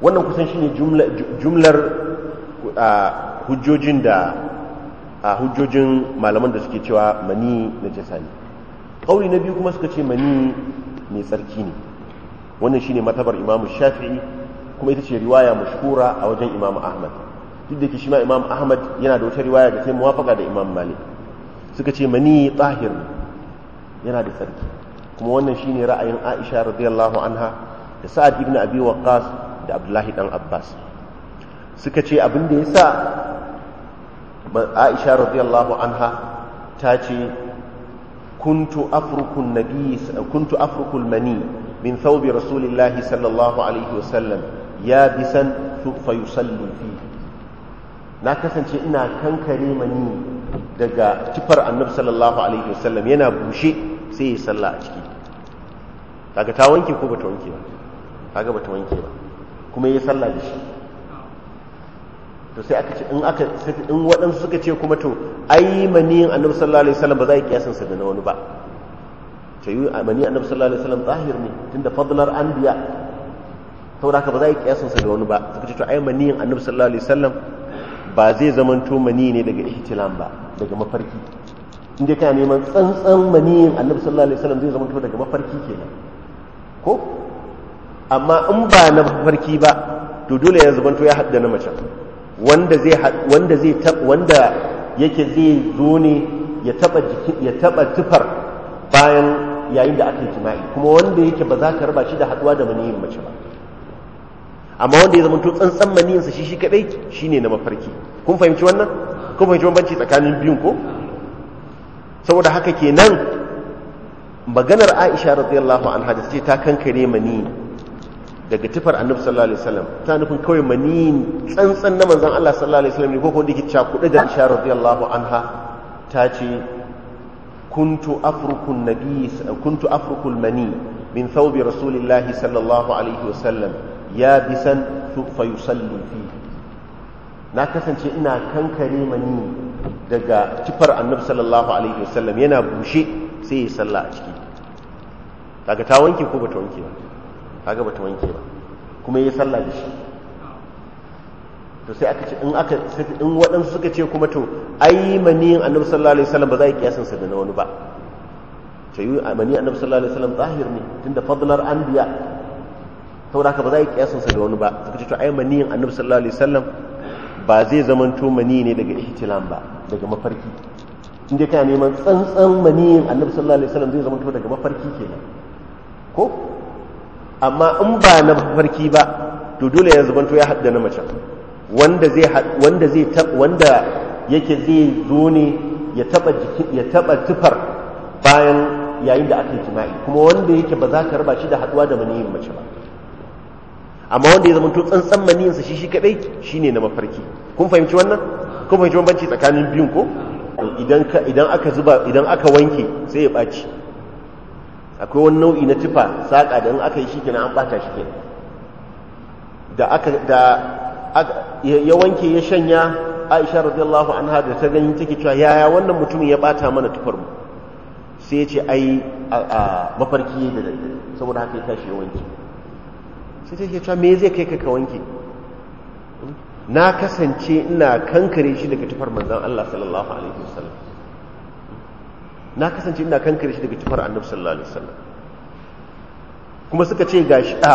wannan kusan shine jumlar ah, hujjojin da a hujjojin malaman da suke cewa mani na jasa ne ƙauri na biyu kuma suka ce mani mai tsarki ne wannan shine matabar imamu shafi'i kuma ita ce riwaya mashhura a wajen imamu ahmad duk da ke shi ma Imam ahmad yana da wata riwaya da ta muwafaka da Imam malik suka ce mani tsahir yana da tsarki kuma wannan shine ra'ayin aisha radiyallahu anha da sa'ad ibn abi Waqas da abdullahi dan abbas suka ce abin da sa. aisha radiyallahu anha ta ce kuntu afrukun nabi kuntu afrukul mani min thawbi rasulillahi sallallahu alaihi wasallam ya bisan fa yusallu fi na kasance ina kankare mani daga tifar annabi sallallahu alaihi wasallam yana bushe sai ya salla a ciki kaga ta wanke ko bata wanke ba kaga bata wanke ba kuma ya salla da shi to sai aka ce in aka in waɗansu suka ce kuma to ai maniyin annabi sallallahu alaihi wasallam ba za a yi kiyasin sa da na wani ba to yi maniyin annabi sallallahu alaihi wasallam zahir ne tunda fadlar anbiya da haka ba za a yi kiyasin sa da wani ba suka ce to ai maniyin annabi sallallahu alaihi wasallam ba zai zamanto mani ne daga ihtilam ba daga mafarki inda kana neman tsantsan maniyin annabi sallallahu alaihi wasallam zai zamanto daga mafarki kenan ko amma in ba na mafarki ba to dole ya zamanto ya haddana mace wanda zai wanda wanda yake zai zo ne ya taba ya taba tufar bayan yayin da aka yi jima'i kuma wanda yake ba za ka raba shi da haduwa da maniyin mace ba amma wanda ya zama to tsantsan maniyin sa shi shi kadai shine na mafarki kun fahimci wannan kun fahimci bambanci tsakanin biyun ko saboda haka kenan maganar Aisha radiyallahu anha da ce ta kankare maniyin daga tufar annabi sallallahu alaihi wasallam ta nufin kawai mani tsantsan na manzon Allah sallallahu alaihi wasallam ne ko dake cha cakuɗe da Aisha radiyallahu anha ta ce kuntu afrukun nabi kuntu afruku mani min thawbi rasulillahi sallallahu alaihi wasallam ya bisan fa yusalli fi na kasance ina kankare mani daga tufar annabi sallallahu alaihi wasallam yana bushe sai ya salla a ciki daga ta wanke ko ba ta wanke ba kaga bata wanke ba kuma yayi sallah da shi to sai aka ce in aka in waɗansu suka ce kuma to ai maniyin annabi sallallahu alaihi wasallam ba za a yi kiyasin sa da wani ba to yi maniyin annabi sallallahu alaihi wasallam zahir ne tunda fadlar anbiya saboda haka ba za a yi kiyasin sa da wani ba suka ce to ai maniyin annabi sallallahu alaihi wasallam ba zai zamanto mani ne daga ihtilam ba daga mafarki dai kana neman tsantsan maniyin annabi sallallahu alaihi wasallam zai zamanto daga mafarki kenan ko amma in ba na farki ba to dole ya zubanto ya haɗa na mace wanda zai wanda zai wanda yake zai zo ne ya taba ya taba tufar bayan yayin da aka yi jima'i kuma wanda yake ba za ka raba shi da haɗuwa da maniyin mace ba amma wanda ya to tsantsan maniyinsa shi shi kadai shine na mafarki kun fahimci wannan kun fahimci bambanci tsakanin biyun ko idan aka zuba idan aka wanke sai ya ɓaci akwai wani nau'i na tufa saƙa da in aka yi shi kenan an ɓata shi ke. da aka da ya wanke ya shanya aisha radiyallahu an da ta ganin take cewa yaya wannan mutumin ya ɓata mana tufar mu sai ce ai a mafarki da daddare saboda haka ya tashi ya wanke sai take cewa me zai kai ka ka wanke na kasance ina kankare shi daga tufar manzan, Allah sallallahu alaihi wasallam na kasance ina kankare shi daga tufar annabi sallallahu alaihi wasallam kuma suka ce gashi a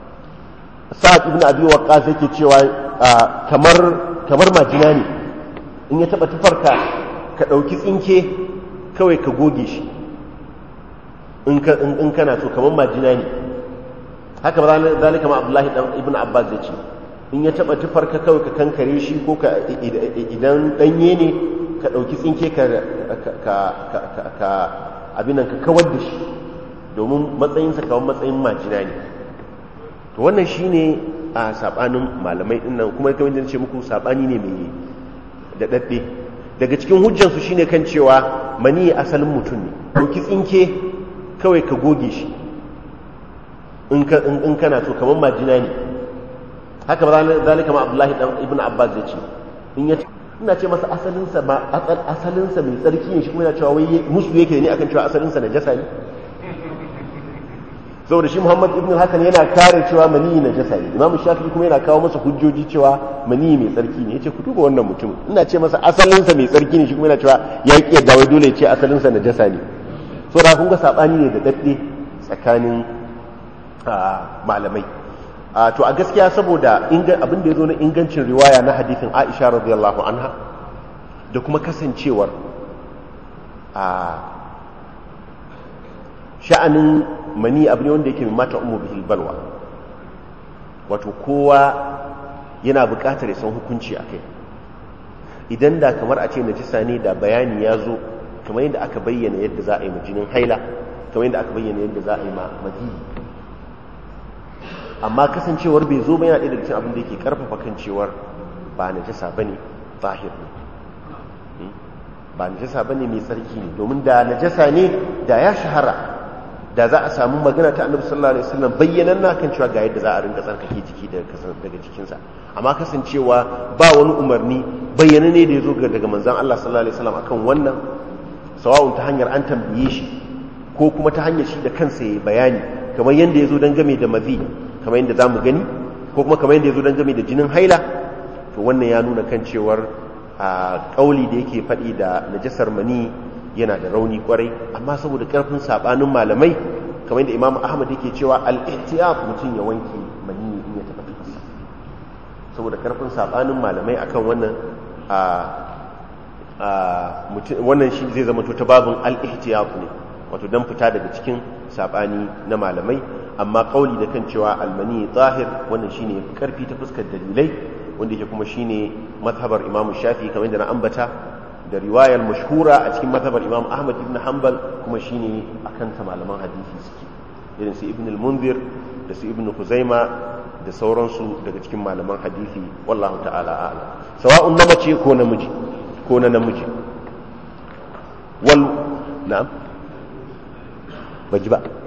(coughs) sa'ad ibn abi waqqas yake cewa kamar kamar majina ne in ya taba tufarka ka dauki tsinke kawai ka goge shi in ka in kana so kamar majina ne haka zalika ma abdullahi dan ibn abbas ya ce in ya taba tufarka kawai ka kankare shi ko ka idan danye ne ka ɗauki tsinke ka abinan ka kawar da shi domin matsayinsa kawar matsayin majina ne to wannan shi ne a saɓanin malamai ɗinnan kuma ya kawai ce muku saɓani ne mai daɗaɗɗe daga cikin hujjansu shi ne kan cewa mani asalin mutum ne ɗauki tsinke kawai ka goge shi in kana so kamar majina ne haka ba zalika ma abdullahi ibn abbas ya ce in ya ce ina ce masa asalinsa ba asalinsa mai tsarki ne shi kuma yana cewa wai musu yake ne akan cewa asalinsa na jasa ne saboda shi Muhammad ibn hakan yana kare cewa mani jasa ne Imam shafi kuma yana kawo masa hujjoji cewa mani mai tsarki ne yace ku duba wannan mutum ina ce masa asalinsa mai tsarki ne shi kuma yana cewa ya ki yadda wai dole ya ce asalinsa na jasa ne saboda kun ga saɓani ne da ɗaɗɗe tsakanin ah, malamai to a gaskiya saboda inga, abin da ya zo na ingancin riwaya na hadithin aisha radiyallahu anha da kuma kasancewar a sha'anin mani abu ne wanda yake mai mata umu bihil balwa wato kowa yana buƙatar ya san hukunci a kai idan da kamar a ce najisa ne da bayani ya zo kamar yadda aka bayyana yadda za a yi majinin haila kamar yadda aka bayyana yadda za a yi ma amma kasancewar bai zo ba yana ɗaya da cikin abin da yake karfafa kan cewar ba na bane zahir ne hmm? ba na ba ne mai tsarki ne domin da na najasa ne da ya shahara da za a samu magana ta annabi sallallahu alaihi wasallam bayyanan na kan cewa ga yadda za a rinka tsarkake jiki daga jikinsa amma kasancewa ba wani umarni bayyana ne da ya zo daga manzon Allah sallallahu alaihi wasallam akan wannan sawa'un ta hanyar an tambaye shi ko kuma ta hanyar shi da kansa ya bayani kamar yadda ya zo don game da mazi kamar yadda za mu gani ko kuma kamar yadda ya zo don game da jinin haila to wannan ya nuna kan cewar a ƙauli da yake faɗi da najasar mani yana da rauni kwarai amma saboda ƙarfin saɓanin malamai kamar yadda imamu ahmad yake cewa al'ihtiyaf mutum ya wanke mani in ya tafi tafasa saboda ƙarfin saɓanin malamai akan wannan wannan shi zai zama to ta babin al'ihtiyaf ne wato don fita daga cikin saɓani na malamai amma kauli da kan cewa almani zahir wannan shine karfi ta fuskar dalilai wanda yake kuma shine mazhabar imam shafi kamar yadda na ambata da riwayar mashhura a cikin mazhabar imam ahmad ibn hanbal kuma shine akan ta malaman hadisi suke irin su ibn al-munzir da su ibn huzaima da sauransu daga cikin malaman hadisi wallahu ta'ala a'lam sawa'un na ko namiji ko na namiji wal na'am baji ba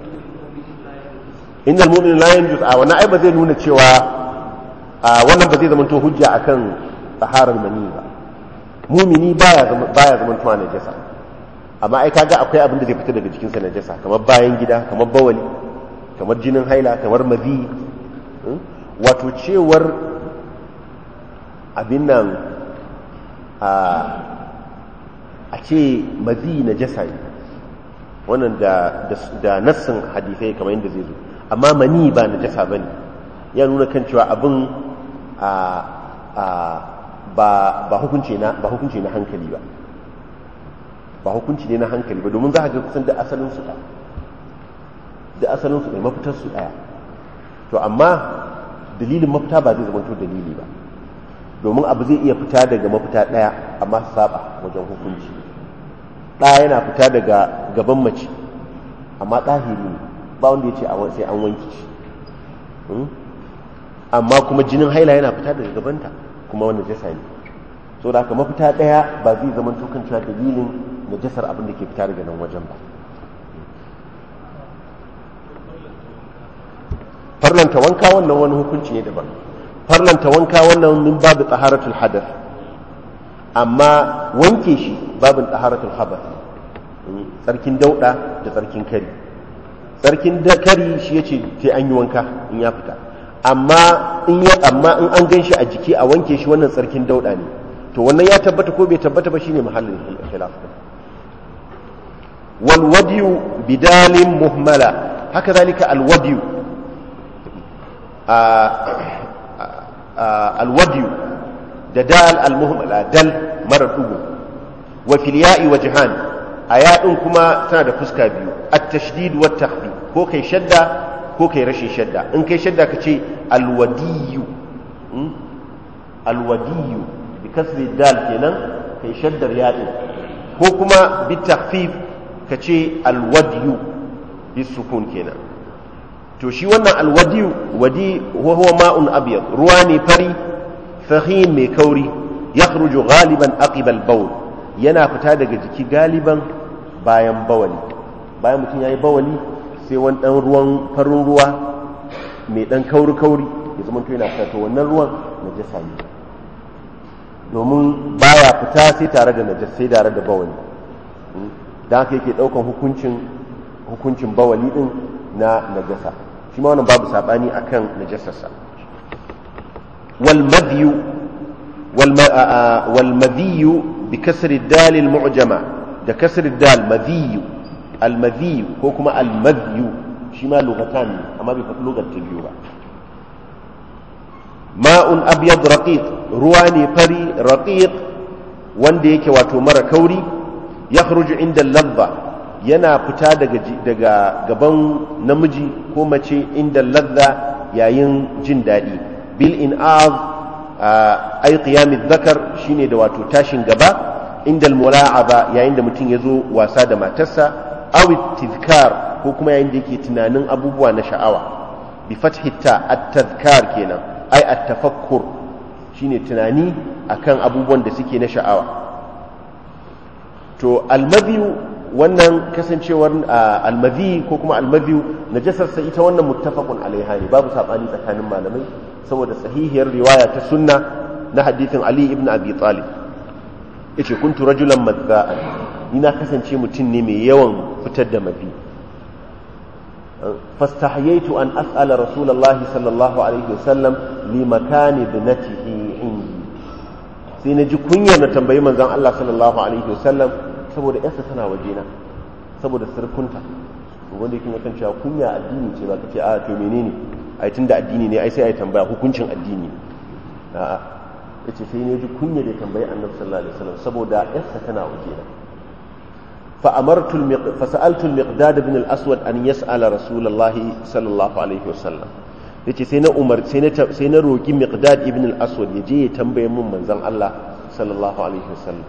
innal mu'minu la yanjus a wannan ai ba zai nuna cewa wannan ba zai zama to hujja akan taharar mani ba mumini baya baya zama to jasa amma ai kaga akwai abin da zai fita daga jikinsa jasa. kamar bayan gida kamar bawali kamar jinin haila kamar mazi hmm? wato cewar abin nan a ce mazi jasa ne wannan da nassin hadisai kamar yadda zai zo amma mani ba na jasa ba ne ya nuna kan cewa abin ba hukunci na hankali ba ba hukunci ne na hankali ba domin za a ga kusan da asalin su ɗaya da asalin su ɗaya mafitar su ɗaya to amma dalilin mafita ba zai zamanto dalili ba domin abu zai iya fita daga mafita ɗaya amma su saba wajen hukunci ɗaya yana fita daga gaban mace amma ɗahiri ne ba wanda ya ce sai an wanki shi hmm? amma kuma jinin haila yana fita daga gabanta kuma wanda jasa ne so da aka mafita daya ba zai zama tukan cewa dalilin najasar abin da ke fita daga nan wajen ba farlanta wanka wannan wani hukunci ne daban farlanta wanka wannan min babu tsaharatul hadath amma wanke shi babin taharatul habath hmm? tsarkin dauɗa da tsarkin kari tsarkin da kari shi yace sai an yi wanka in ya fita amma in ya amma in an gan shi a jiki a wanke shi wannan tsarkin dauda ne to wannan ya tabbata ko bai tabbata ba shine mahallin khilaf wal wadiyu bidalin muhmala haka zalika al wadiyu al wadiyu da dal al muhmala dal mara dubu wa fil ya'i wajhan ayadin kuma tana da fuska biyu at tashdid wat takhfif ko kai shadda ko kai rashin shadda in kai shadda ka ce alwadiyu hmm? alwadiyu bi kasri dal kenan kai shaddar yaɗin ko kuma bi takfif ka ce alwadiyu bi sukun kenan to shi wannan alwadiyu wadi huwa ma'un abyad ruwa ne fari fahim mai kauri yakhruju ghaliban aqiba al-bawl yana fita daga jiki galiban bayan bawali bayan mutum yayi bawali sai wani ɗan ruwan farin ruwa mai ɗan kauri-kauri ya zama yana fita to wannan ruwan najasa ne domin baya fita sai tare da najasa sai tare da bawali hmm? da haka yake ɗaukan hukuncin bawali ɗin na najasa shi ma wannan babu saɓani a kan wal madiyu bi kasar dalil mu'jama da kasar dal madiyu almadhi ko kuma almadhi shi ma lugatan amma bai faɗi lugar ta biyu ba ma'un abyad raqiq ruwa ne fari raqiq wanda yake wato mara kauri ya inda ladda yana fita daga daga gaban namiji ko mace inda ladda yayin jin dadi bil in'az ai qiyamid zakar shine da wato tashin gaba inda al mula'aba yayin da mutum yazo wasa da matarsa awi tizkar ko kuma yayin da yake tunanin abubuwa na sha'awa bi fathita at kenan ai at-tafakkur shine tunani akan abubuwan da suke na sha'awa to al wannan kasancewar al-madhi ko kuma al-madhi najasarsa ita wannan muttafaqun alaiha ne babu sabani tsakanin malamai saboda sahihiyar riwaya ta sunna na hadithin Ali ibn Abi Talib yace kuntu rajulan madza'an ni na kasance mutum ne mai yawan fitar da mafi. fastahyaitu an as'ala rasulullahi sallallahu alaihi wasallam li makani ibnatihi indi sai na ji kunyar na tambayi manzon Allah sallallahu alaihi wasallam saboda yarsa tana wajena saboda sirkunta wanda yake mutan cewa kunya addini ce ba kace a to menene ai tunda addini ne ai sai ai tambaya hukuncin addini a'a yace sai ne ji kunya da tambayi annabi sallallahu alaihi wasallam saboda yarsa tana wajena فأمرت المق... فسألت المقداد بن الأسود أن يسأل رسول الله صلى الله عليه وسلم yace sai na umar sai na sai na roki miqdad ibn al-aswad yaje ya tambaye mun manzon Allah sallallahu alaihi wasallam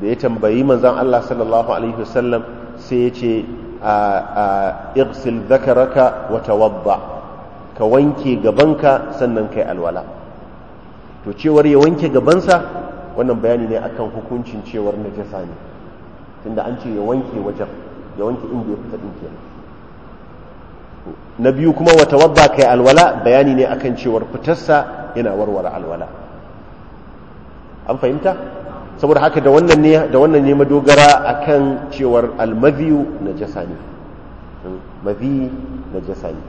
da ya tambayi manzon Allah sallallahu alaihi wasallam sai yace a igsil dhakaraka wa tawadda ka wanke gabanka sannan kai alwala to cewar ya wanke gabansa wannan bayani ne akan hukuncin cewar najasa ne tunda an ce ya wanke wajen ya wanke inda ya fita ɗinke na biyu kuma wata wadda kai alwala bayani ne akan cewar fitarsa yana warware alwala an fahimta saboda haka da wannan ne da wannan ne madogara akan cewar almadhi na jasani hmm, madhi na ne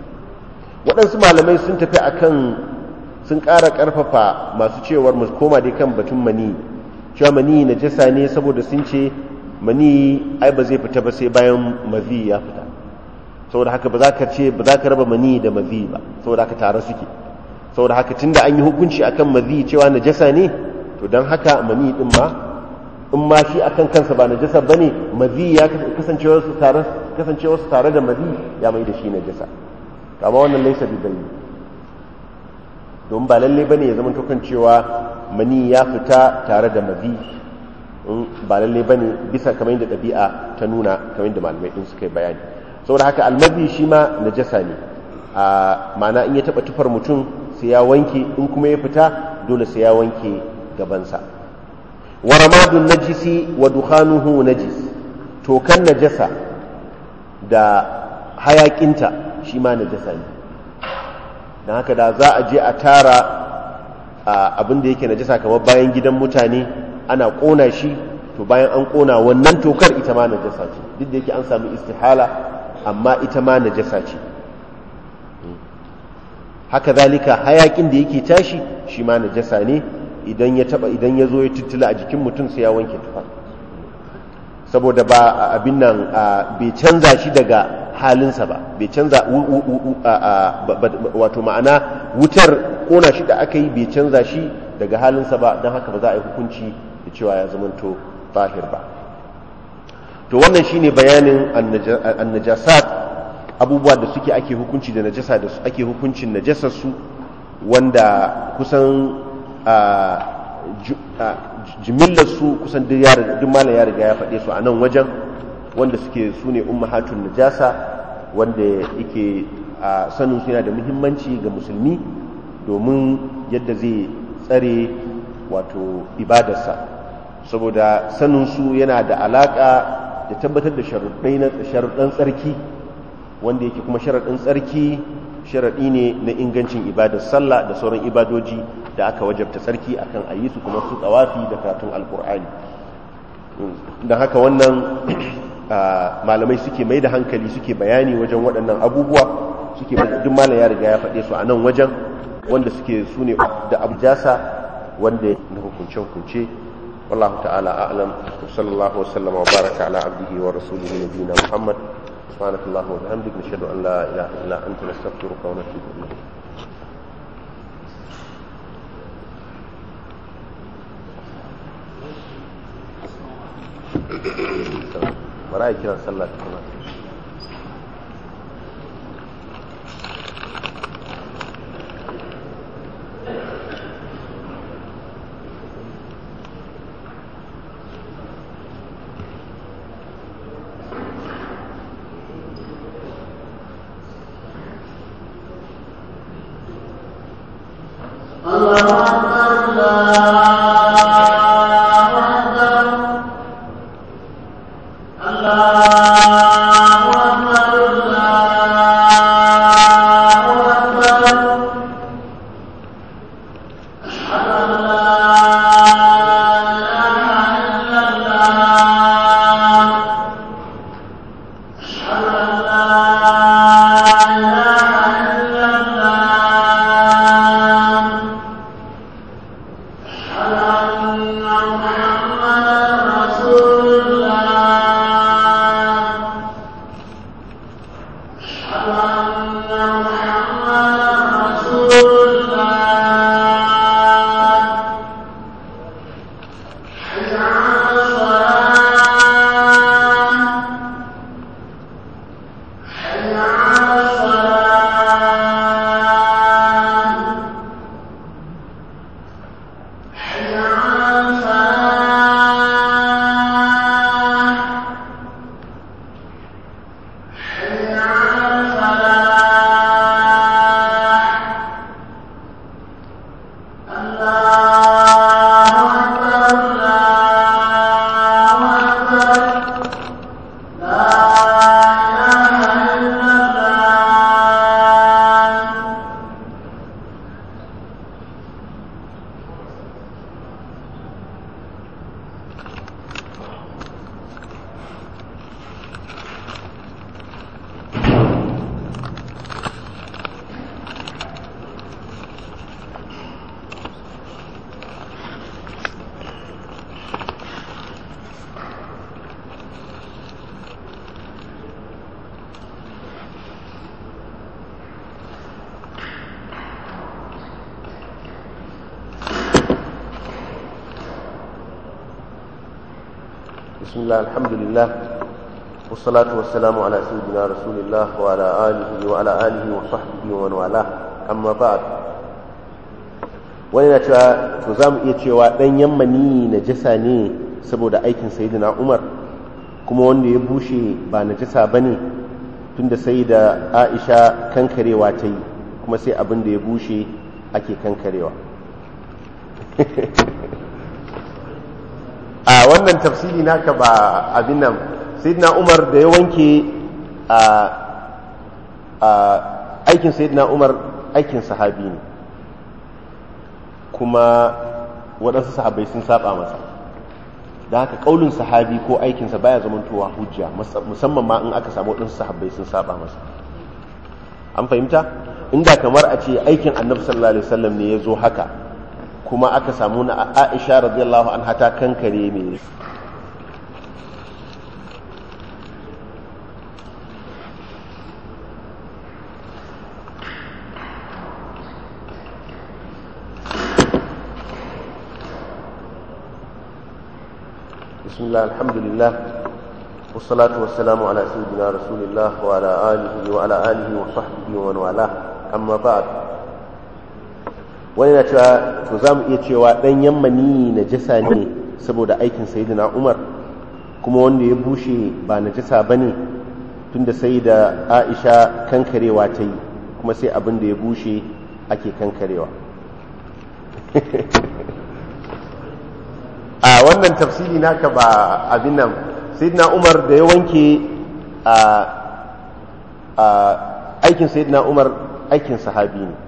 waɗansu malamai sun tafi akan sun ƙara ƙarfafa masu cewar mu koma dai kan batun mani cewa mani jasa ne saboda sun ce mani ai ba zai fita ba sai bayan mazi ya fita saboda haka ba za ka ce ba za ka raba mani da mazi ba saboda haka tare suke saboda haka tunda an yi hukunci akan mazi cewa najasa ne to don haka mani din ma in ma shi akan kansa ba najasa bane mazi ya kasancewar su tare tare da mazi ya mai da shi najasa kama wannan laisa bi dalil don ba lalle bane ya zama to kan cewa mani ya fita tare da mazi in ba lalle bane bisa kamar yadda ɗabi'a ta nuna kamar yadda malamai din suka yi bayani saboda haka almabi shi ma najasa ne a ma'ana in ya taɓa tufar mutum sai ya wanke in kuma ya fita dole sai ya wanke gabansa wa ramadun najisi wa dukhanuhu najis tokan najasa da hayakinta shi ma najasa ne dan haka da za a je a tara abin da yake najasa kamar bayan gidan mutane ana ƙona shi to bayan an ƙona wannan tokar ita ma na jasa ce duk da yake an sami istihala amma ita ma na jasa ce haka zalika hayakin da yake tashi shi ma na jasa ne idan ya taba idan ya zo ya tuttula a jikin mutum sai ya wanke tufa saboda ba abin nan bai canza shi daga halinsa ba bai canza wato ma'ana wutar ƙona shi da aka yi bai canza shi daga halinsa ba don haka ba za a yi hukunci cewa ya zamanto tahir ba to wannan shine bayanin annajasat abubuwa da suke ake hukunci da najasa da ake hukuncin najasar su wanda kusan jimillar su kusan duk malam ya riga ya faɗe su a nan wajen wanda suke su ne ummahatun najasa wanda yake a sanin su yana da muhimmanci ga musulmi domin yadda zai tsare wato ibadarsa saboda saninsu yana da alaƙa da tabbatar da sharaɗin tsarki wanda yake kuma sharaɗin tsarki sharaɗi ne na ingancin ibadar sallah da sauran ibadoji da aka wajabta tsarki akan a su kuma su tsawafi da karatun alkur'ani don haka wannan malamai suke mai da hankali suke bayani wajen waɗannan abubuwa suke duk malam ya riga ya faɗe su a nan wajen wanda suke su ne da abjasa wanda na hukunce-hukunce والله تعالى أعلم وصلى الله وسلم وبارك على عبده ورسوله نبينا محمد سبحانك اللهم وبحمدك نشهد أن لا إله إلا أنت نستغفرك ونتوب إليك (coughs) مرأي كده صلى الله عليه وسلم بسم الله wani na cewa to za mu iya cewa ɗan yammani na ne saboda aikin sayidina umar kuma wanda ya bushe ba na jasa ba ne tunda sai da aisha kankarewa ta yi kuma sai abin da ya bushe ake kankarewa a wannan tafsiri naka ba abin nan sayyidina umar da ya wanke a aikin sayyidina umar aikin sahabi ne kuma waɗansu sahabai sun saba masa da haka ƙaunin sahabi ko aikinsa baya zamantowa hujja musamman ma in aka samu waɗansu sahabai sun saba masa an fahimta inda kamar a ce aikin annabi sallallahu alaihi wasallam ne ya zo haka kuma aka samu na aisha radiyallahu anha ta kankare ne بسم الله الحمد لله والصلاة والسلام على سيدنا رسول الله وعلى آله وعلى آله وصحبه ومن والاه أما بعد wani na cewa to za mu iya cewa ɗan yammani na jisa ne saboda aikin sayidina umar kuma wanda ya bushe ba na jisa ba ne tunda sai da aisha kankarewa ta yi kuma sai abin da ya bushe ake kankarewa (laughs) a wannan tafsiri naka ba abin nan sayidina umar da ya wanke a aikin sayidina umar aikin sahabi ne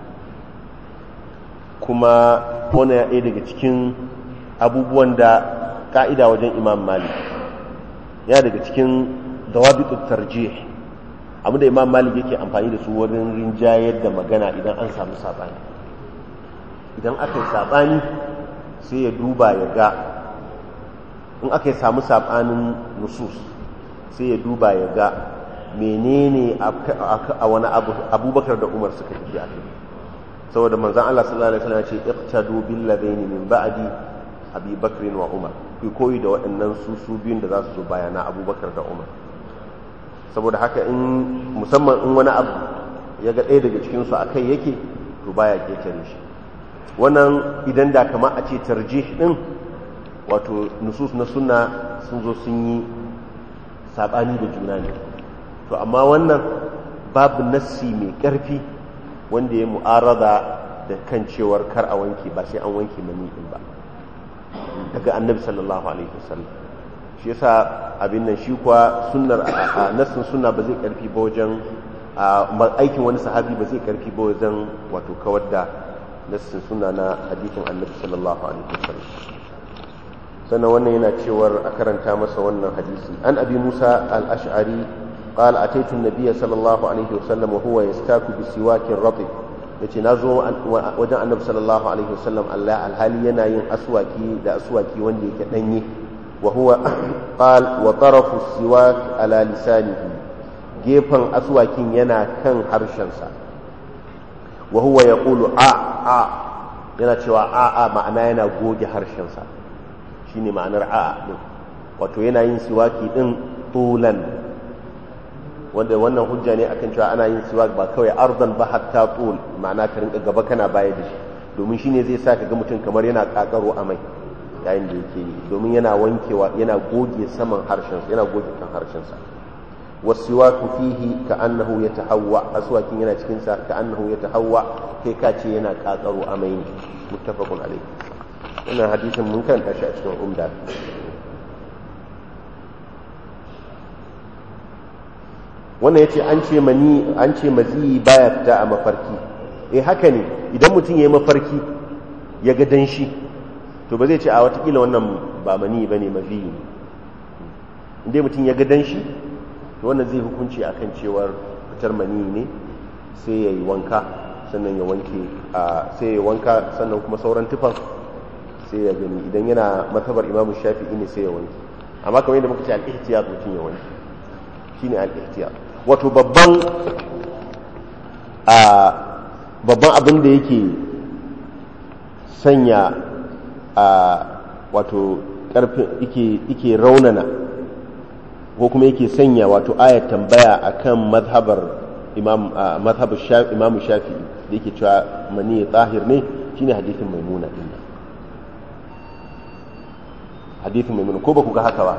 kuma wani ya ɗaya daga cikin abubuwan da ka'ida wajen imam malik ya daga cikin dawabitut tarjih abinda imam malik yake amfani da su wurin rinjayar da magana idan an samu saɓani idan aka yi saɓani sai ya duba ya ga in aka yi samu saɓanin nusus sai ya duba ya ga menene a wani abubakar da umar suka tafi a kai saboda manzan Allah sallallahu alaihi wasallam ya ce iqtadu bil ladaini min ba'di Abi Bakr wa Umar ku koyi da waɗannan su su biyun da za su zo bayana Abubakar da Umar saboda haka in musamman in wani abu ya ga ɗaya daga cikin su akai yake to baya tare shi wannan idan da kama a ce tarjih din wato nusus na sunna sun zo sun yi sabani da juna ne to amma wannan babu nassi mai ƙarfi wanda ya mu'arada da kan cewar kar a wanke ba sai an wanke mani'in ba daga annabi sallallahu alaihi wasallam shi yasa abin nan shi kuwa sunnar nassin sunna ba zai karfi ba wajen aikin wani sahabi ba zai karfi ba wajen wato kawar da nassin sunna na hadithin annabi sallallahu alaihi wasallam sannan wannan yana cewar a karanta masa wannan hadisi an abi musa al-ash'ari قال أتيت النبي صلى الله عليه وسلم وهو يستاك بسواك رطب yace na zo wajen annabi sallallahu alaihi wasallam Allah alhali yana yin aswaki da aswaki wanda yake danye wa huwa qal wa tarafu siwak ala lisanihi gefan aswakin yana kan harshensa wa huwa yaqulu a a yana cewa a a ma'ana yana goge harshensa shine ma'anar a din wato yana yin siwaki din tulan wanda wannan hujja ne akan cewa ana yin siwak ba kawai ardan ba hatta tul ma'ana ka rinka gaba kana baya da shi domin shine zai sa ka ga mutum kamar yana kakaro amai yayin da yake yi domin yana wankewa yana goge saman harshen yana goge kan harshen sa wasiwaku fihi ka annahu yatahawwa aswakin yana cikin sa ka annahu yatahawwa kai ka ce yana kakaro amai ne muttafaqun alayhi wannan hadisin mun kan tashi a cikin umda wannan yace an ce mani an ce mazi baya fita a mafarki eh haka ne idan mutum yayi mafarki ya ga danshi to ba zai ce a watakila wannan ba mani bane mazi ne inda mutum ya ga danshi to wannan zai hukunci akan cewar fitar mani ne sai yayi wanka sannan ya wanke sai ya wanka sannan kuma sauran tufan sai ya gani idan yana matabar imamu shafi'i ne sai ya wanke amma kamar yadda muka ce al'ihtiyar mutum ya wanke shine ne al'ihtiyar wato babban a babban abin da yake sanya a wato ƙarfin yake raunana ko kuma yake sanya wato ayat tambaya a kan imam mazhabar imam shafi da yake cewa mani tsahir ne shine hadithin maimuna din hadithin maimuna ko ba ku ga haka ba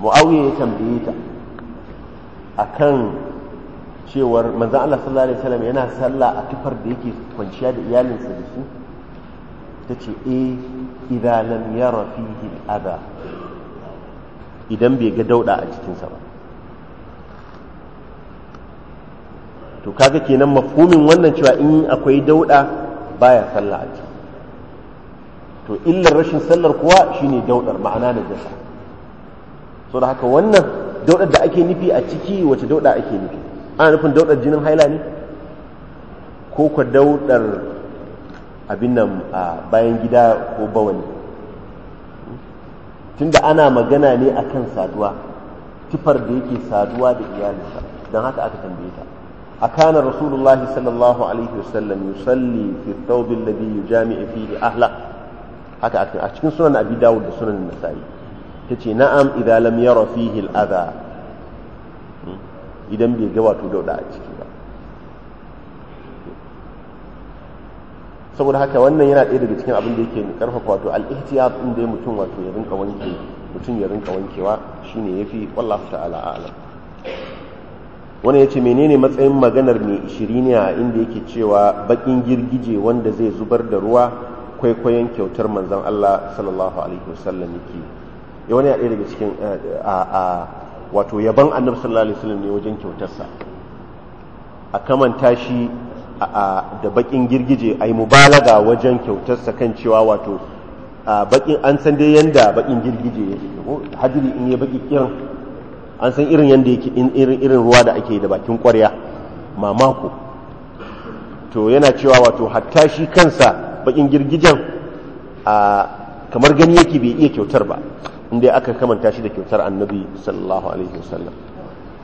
muawiya ya tambaye ta akan cewar manzan Allah sallallahu alaihi wasallam yana sallah a tufar da yake kwanciya da iyalinsa da su ta ce e eh, idan ya rafi fihi idan bai ga dauda a cikinsa ba to kaga kenan mafhumin wannan cewa in akwai dauda baya sallah a ciki to illar rashin sallar kuwa shine daudar ma'ana jasa so da haka wannan daudar da ake nufi a ciki wace dauda ake nufi ana nufin daudar jinin haila ne ko kwa daudar abin nan a bayan gida ko bawani tunda ana magana ne a kan saduwa tifar da yake saduwa da iyalinsa don haka aka tambaye ta أكان رسول الله صلى الله da وسلم يصلي في الثوب الذي يجامع ahla. Haka a cikin sunan abi dawud da sunan النسائي ta ce na'am idan lam yara fihi al'adha hmm? idan bai ga wato dauda a ciki ba saboda haka wannan yana ɗaya daga cikin abin da yake karfafa wato al’ihtiya ihtiyat din da mutum wato ya rinka wanke mutum ya rinka wankewa shi ne ya fi wallahu ta'ala a'lam wani ya ce menene matsayin maganar mai ishiriniya inda yake cewa bakin girgije wanda zai zubar da ruwa kwaikwayon kyautar manzan Allah sallallahu alaihi wasallam yake ya wani ɗaya daga cikin eh, a wato yaban annabi sallallahu alaihi wasallam ne wajen kyautarsa a kamanta shi da bakin girgije a yi mubalaga wajen kyautarsa kan cewa wato bakin an san dai yanda bakin girgije ya ko, hadiri in ya baki kiran an san irin yanda yake irin irin ruwa da ake da bakin kwarya mamako to yana cewa wato hatta shi kansa bakin girgijen a kamar gani yake bai iya kyautar ba inda aka kamanta shi da kyautar annabi sallallahu alaihi wasallam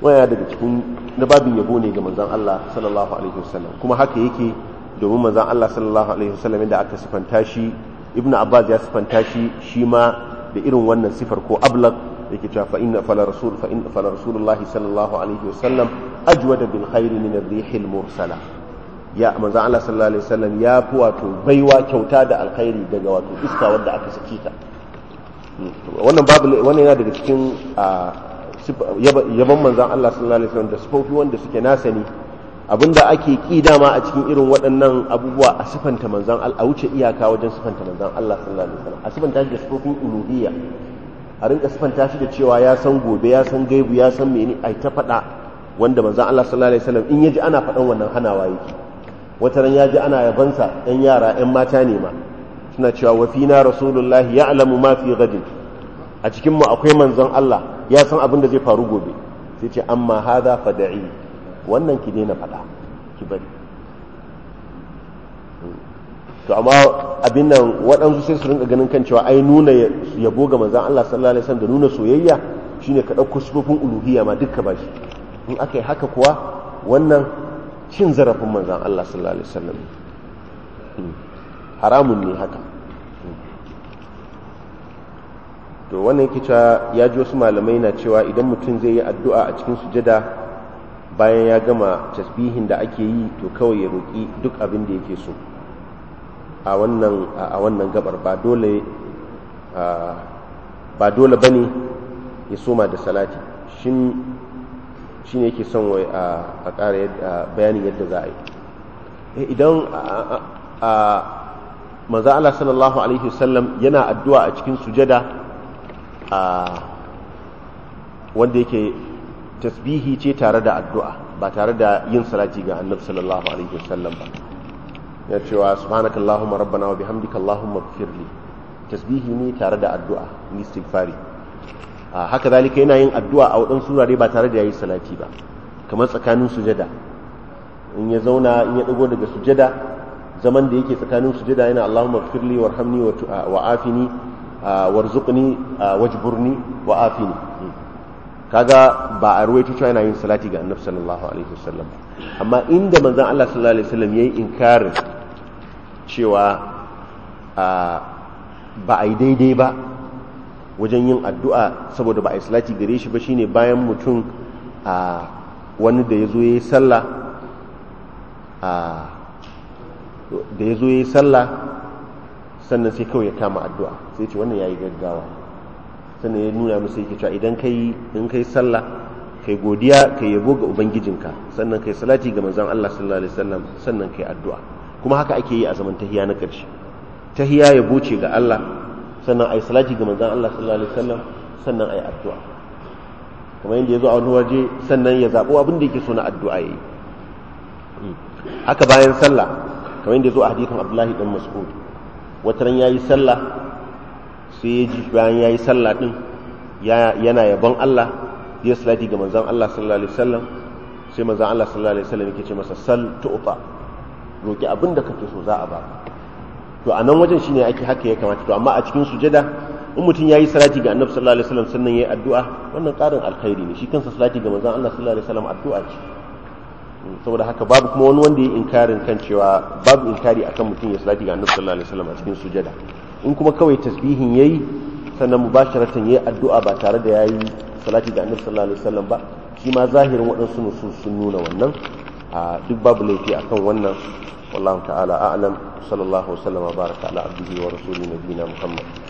waya daga cikin na yabo ne ga manzon Allah sallallahu alaihi wasallam kuma haka yake domin manzon Allah sallallahu alaihi wasallam inda aka sifanta shi ibnu abbas ya sifanta shi shi ma da irin wannan sifar ko ablaq yake cewa fa inna fala rasul fa inna fala rasulullahi sallallahu alaihi wasallam ajwada bil khairi min ar-rihil mursala ya manzon Allah sallallahu alaihi wasallam ya fi wato baiwa kyauta da alkhairi daga wato iska wadda aka saki ta wannan babu wannan yana daga cikin yaban manzan Allah sallallahu alaihi wasallam da sufofi wanda suke nasani abinda ake ki dama a cikin irin waɗannan abubuwa a sifanta manzan Allah a wuce iyaka wajen sifanta manzan Allah sallallahu alaihi wasallam a sifanta shi da sufofin uluhiyya a rinka sifanta shi da cewa ya san gobe ya san gaibu ya san mene ai ta faɗa wanda manzan Allah sallallahu alaihi wasallam in yaji ana faɗan wannan hanawa yake wataran yaji ana yabansa ɗan yara ɗan mata ne ma suna cewa wa fina rasulullahi alamu ma fi gadin a cikin mu akwai manzon Allah ya san abin da zai faru gobe sai ce amma hadha fada'i wannan ki daina fada ki bari to amma abin nan waɗansu sai su rinka ganin kan cewa ai nuna yabo ga manzon Allah sallallahu alaihi wasallam da nuna soyayya shine ka ɗauko sifofin uluhiyya ma dukka ba shi in aka yi haka kuwa wannan cin zarafin manzan Allah sallallahu alaihi wasallam hmm. haramun ne haka to wannan yake cewa ya ji wasu malamai na cewa idan mutum zai yi addu'a a cikin sujada bayan ya gama tasbihin da ake yi to kawai ya roƙi duk abin da yake so a wannan a wannan gabar ba dole ba dole bane ya soma da salati shin shine yake son wai a ƙara bayanin yadda za a yi eh, idan a manzo Allah sallallahu alaihi wasallam yana addu'a a cikin sujada a wanda yake tasbihi ce tare da addu'a ba tare da yin salati ga annabi sallallahu alaihi wasallam ba ya cewa subhanakallahumma rabbana wa bihamdika allahumma ighfirli tasbihi ne tare da addu'a ni istighfari haka zalika yana yin addu'a a wadan surare ba tare da yayi salati ba kamar tsakanin sujada in ya zauna in ya dago daga sujada zaman da yake tsakanin sujada yana allahumma ighfirli warhamni wa afini warzuqni wajburni wa afini kaga ba a ruwaito cewa yana yin salati ga annabi sallallahu alaihi wasallam amma inda manzon Allah sallallahu alaihi wasallam yayi inkarin cewa ba a yi daidai ba wajen yin addu'a saboda ba a yi salati gare shi ba shine bayan mutum wani da yazo yayi ya a da yazo yayi sallah sannan sai kawai ya kama addu'a sai ce wannan yayi gaggawa sannan ya nuna musu yake cewa idan kai in kai sallah kai godiya kai yabo ga ubangijinka sannan kai salati ga manzon Allah sallallahu alaihi wasallam sannan kai addu'a kuma haka ake yi a zaman tahiya na ƙarshe tahiya yabo ce ga Allah sannan ai salati ga manzon Allah sallallahu alaihi wasallam sannan ai addu'a kamar yadda ya zo a wani waje sannan ya zaɓo abin da yake so na addu'a yayi haka bayan sallah kamar yadda ya zo a hadithin Abdullahi dan Mas'ud wataran ya yi sallah sai ya ji bayan ya yi sallah ɗin yana yabon Allah ya salati ga manzan Allah sallallahu alaihi wasallam sai manzan Allah sallallahu alaihi wasallam yake ce masa sal tu'ta roki abin da kake so za a ba to a nan wajen shine ake haka ya kamata to amma a cikin sujada in mutum ya yi salati ga annabi sallallahu alaihi wasallam sannan ya yi addu'a wannan ƙarin alkhairi ne shi kansa salati ga manzan Allah sallallahu alaihi wasallam addu'a ce saboda haka babu kuma wani wanda ya inkarin kan cewa babu inkari akan mutum ya salati ga annabi sallallahu alaihi wasallam a cikin sujada in kuma kawai tasbihin yayi sannan mubasharatan yayi addu'a ba tare da yayi salati ga annabi sallallahu alaihi wasallam ba shi ma zahirin waɗansu nusus sun nuna wannan a duk babu laifi akan wannan wallahu ta'ala a'lam sallallahu alaihi wasallam baraka ala abdihi wa rasulina nabiyina muhammad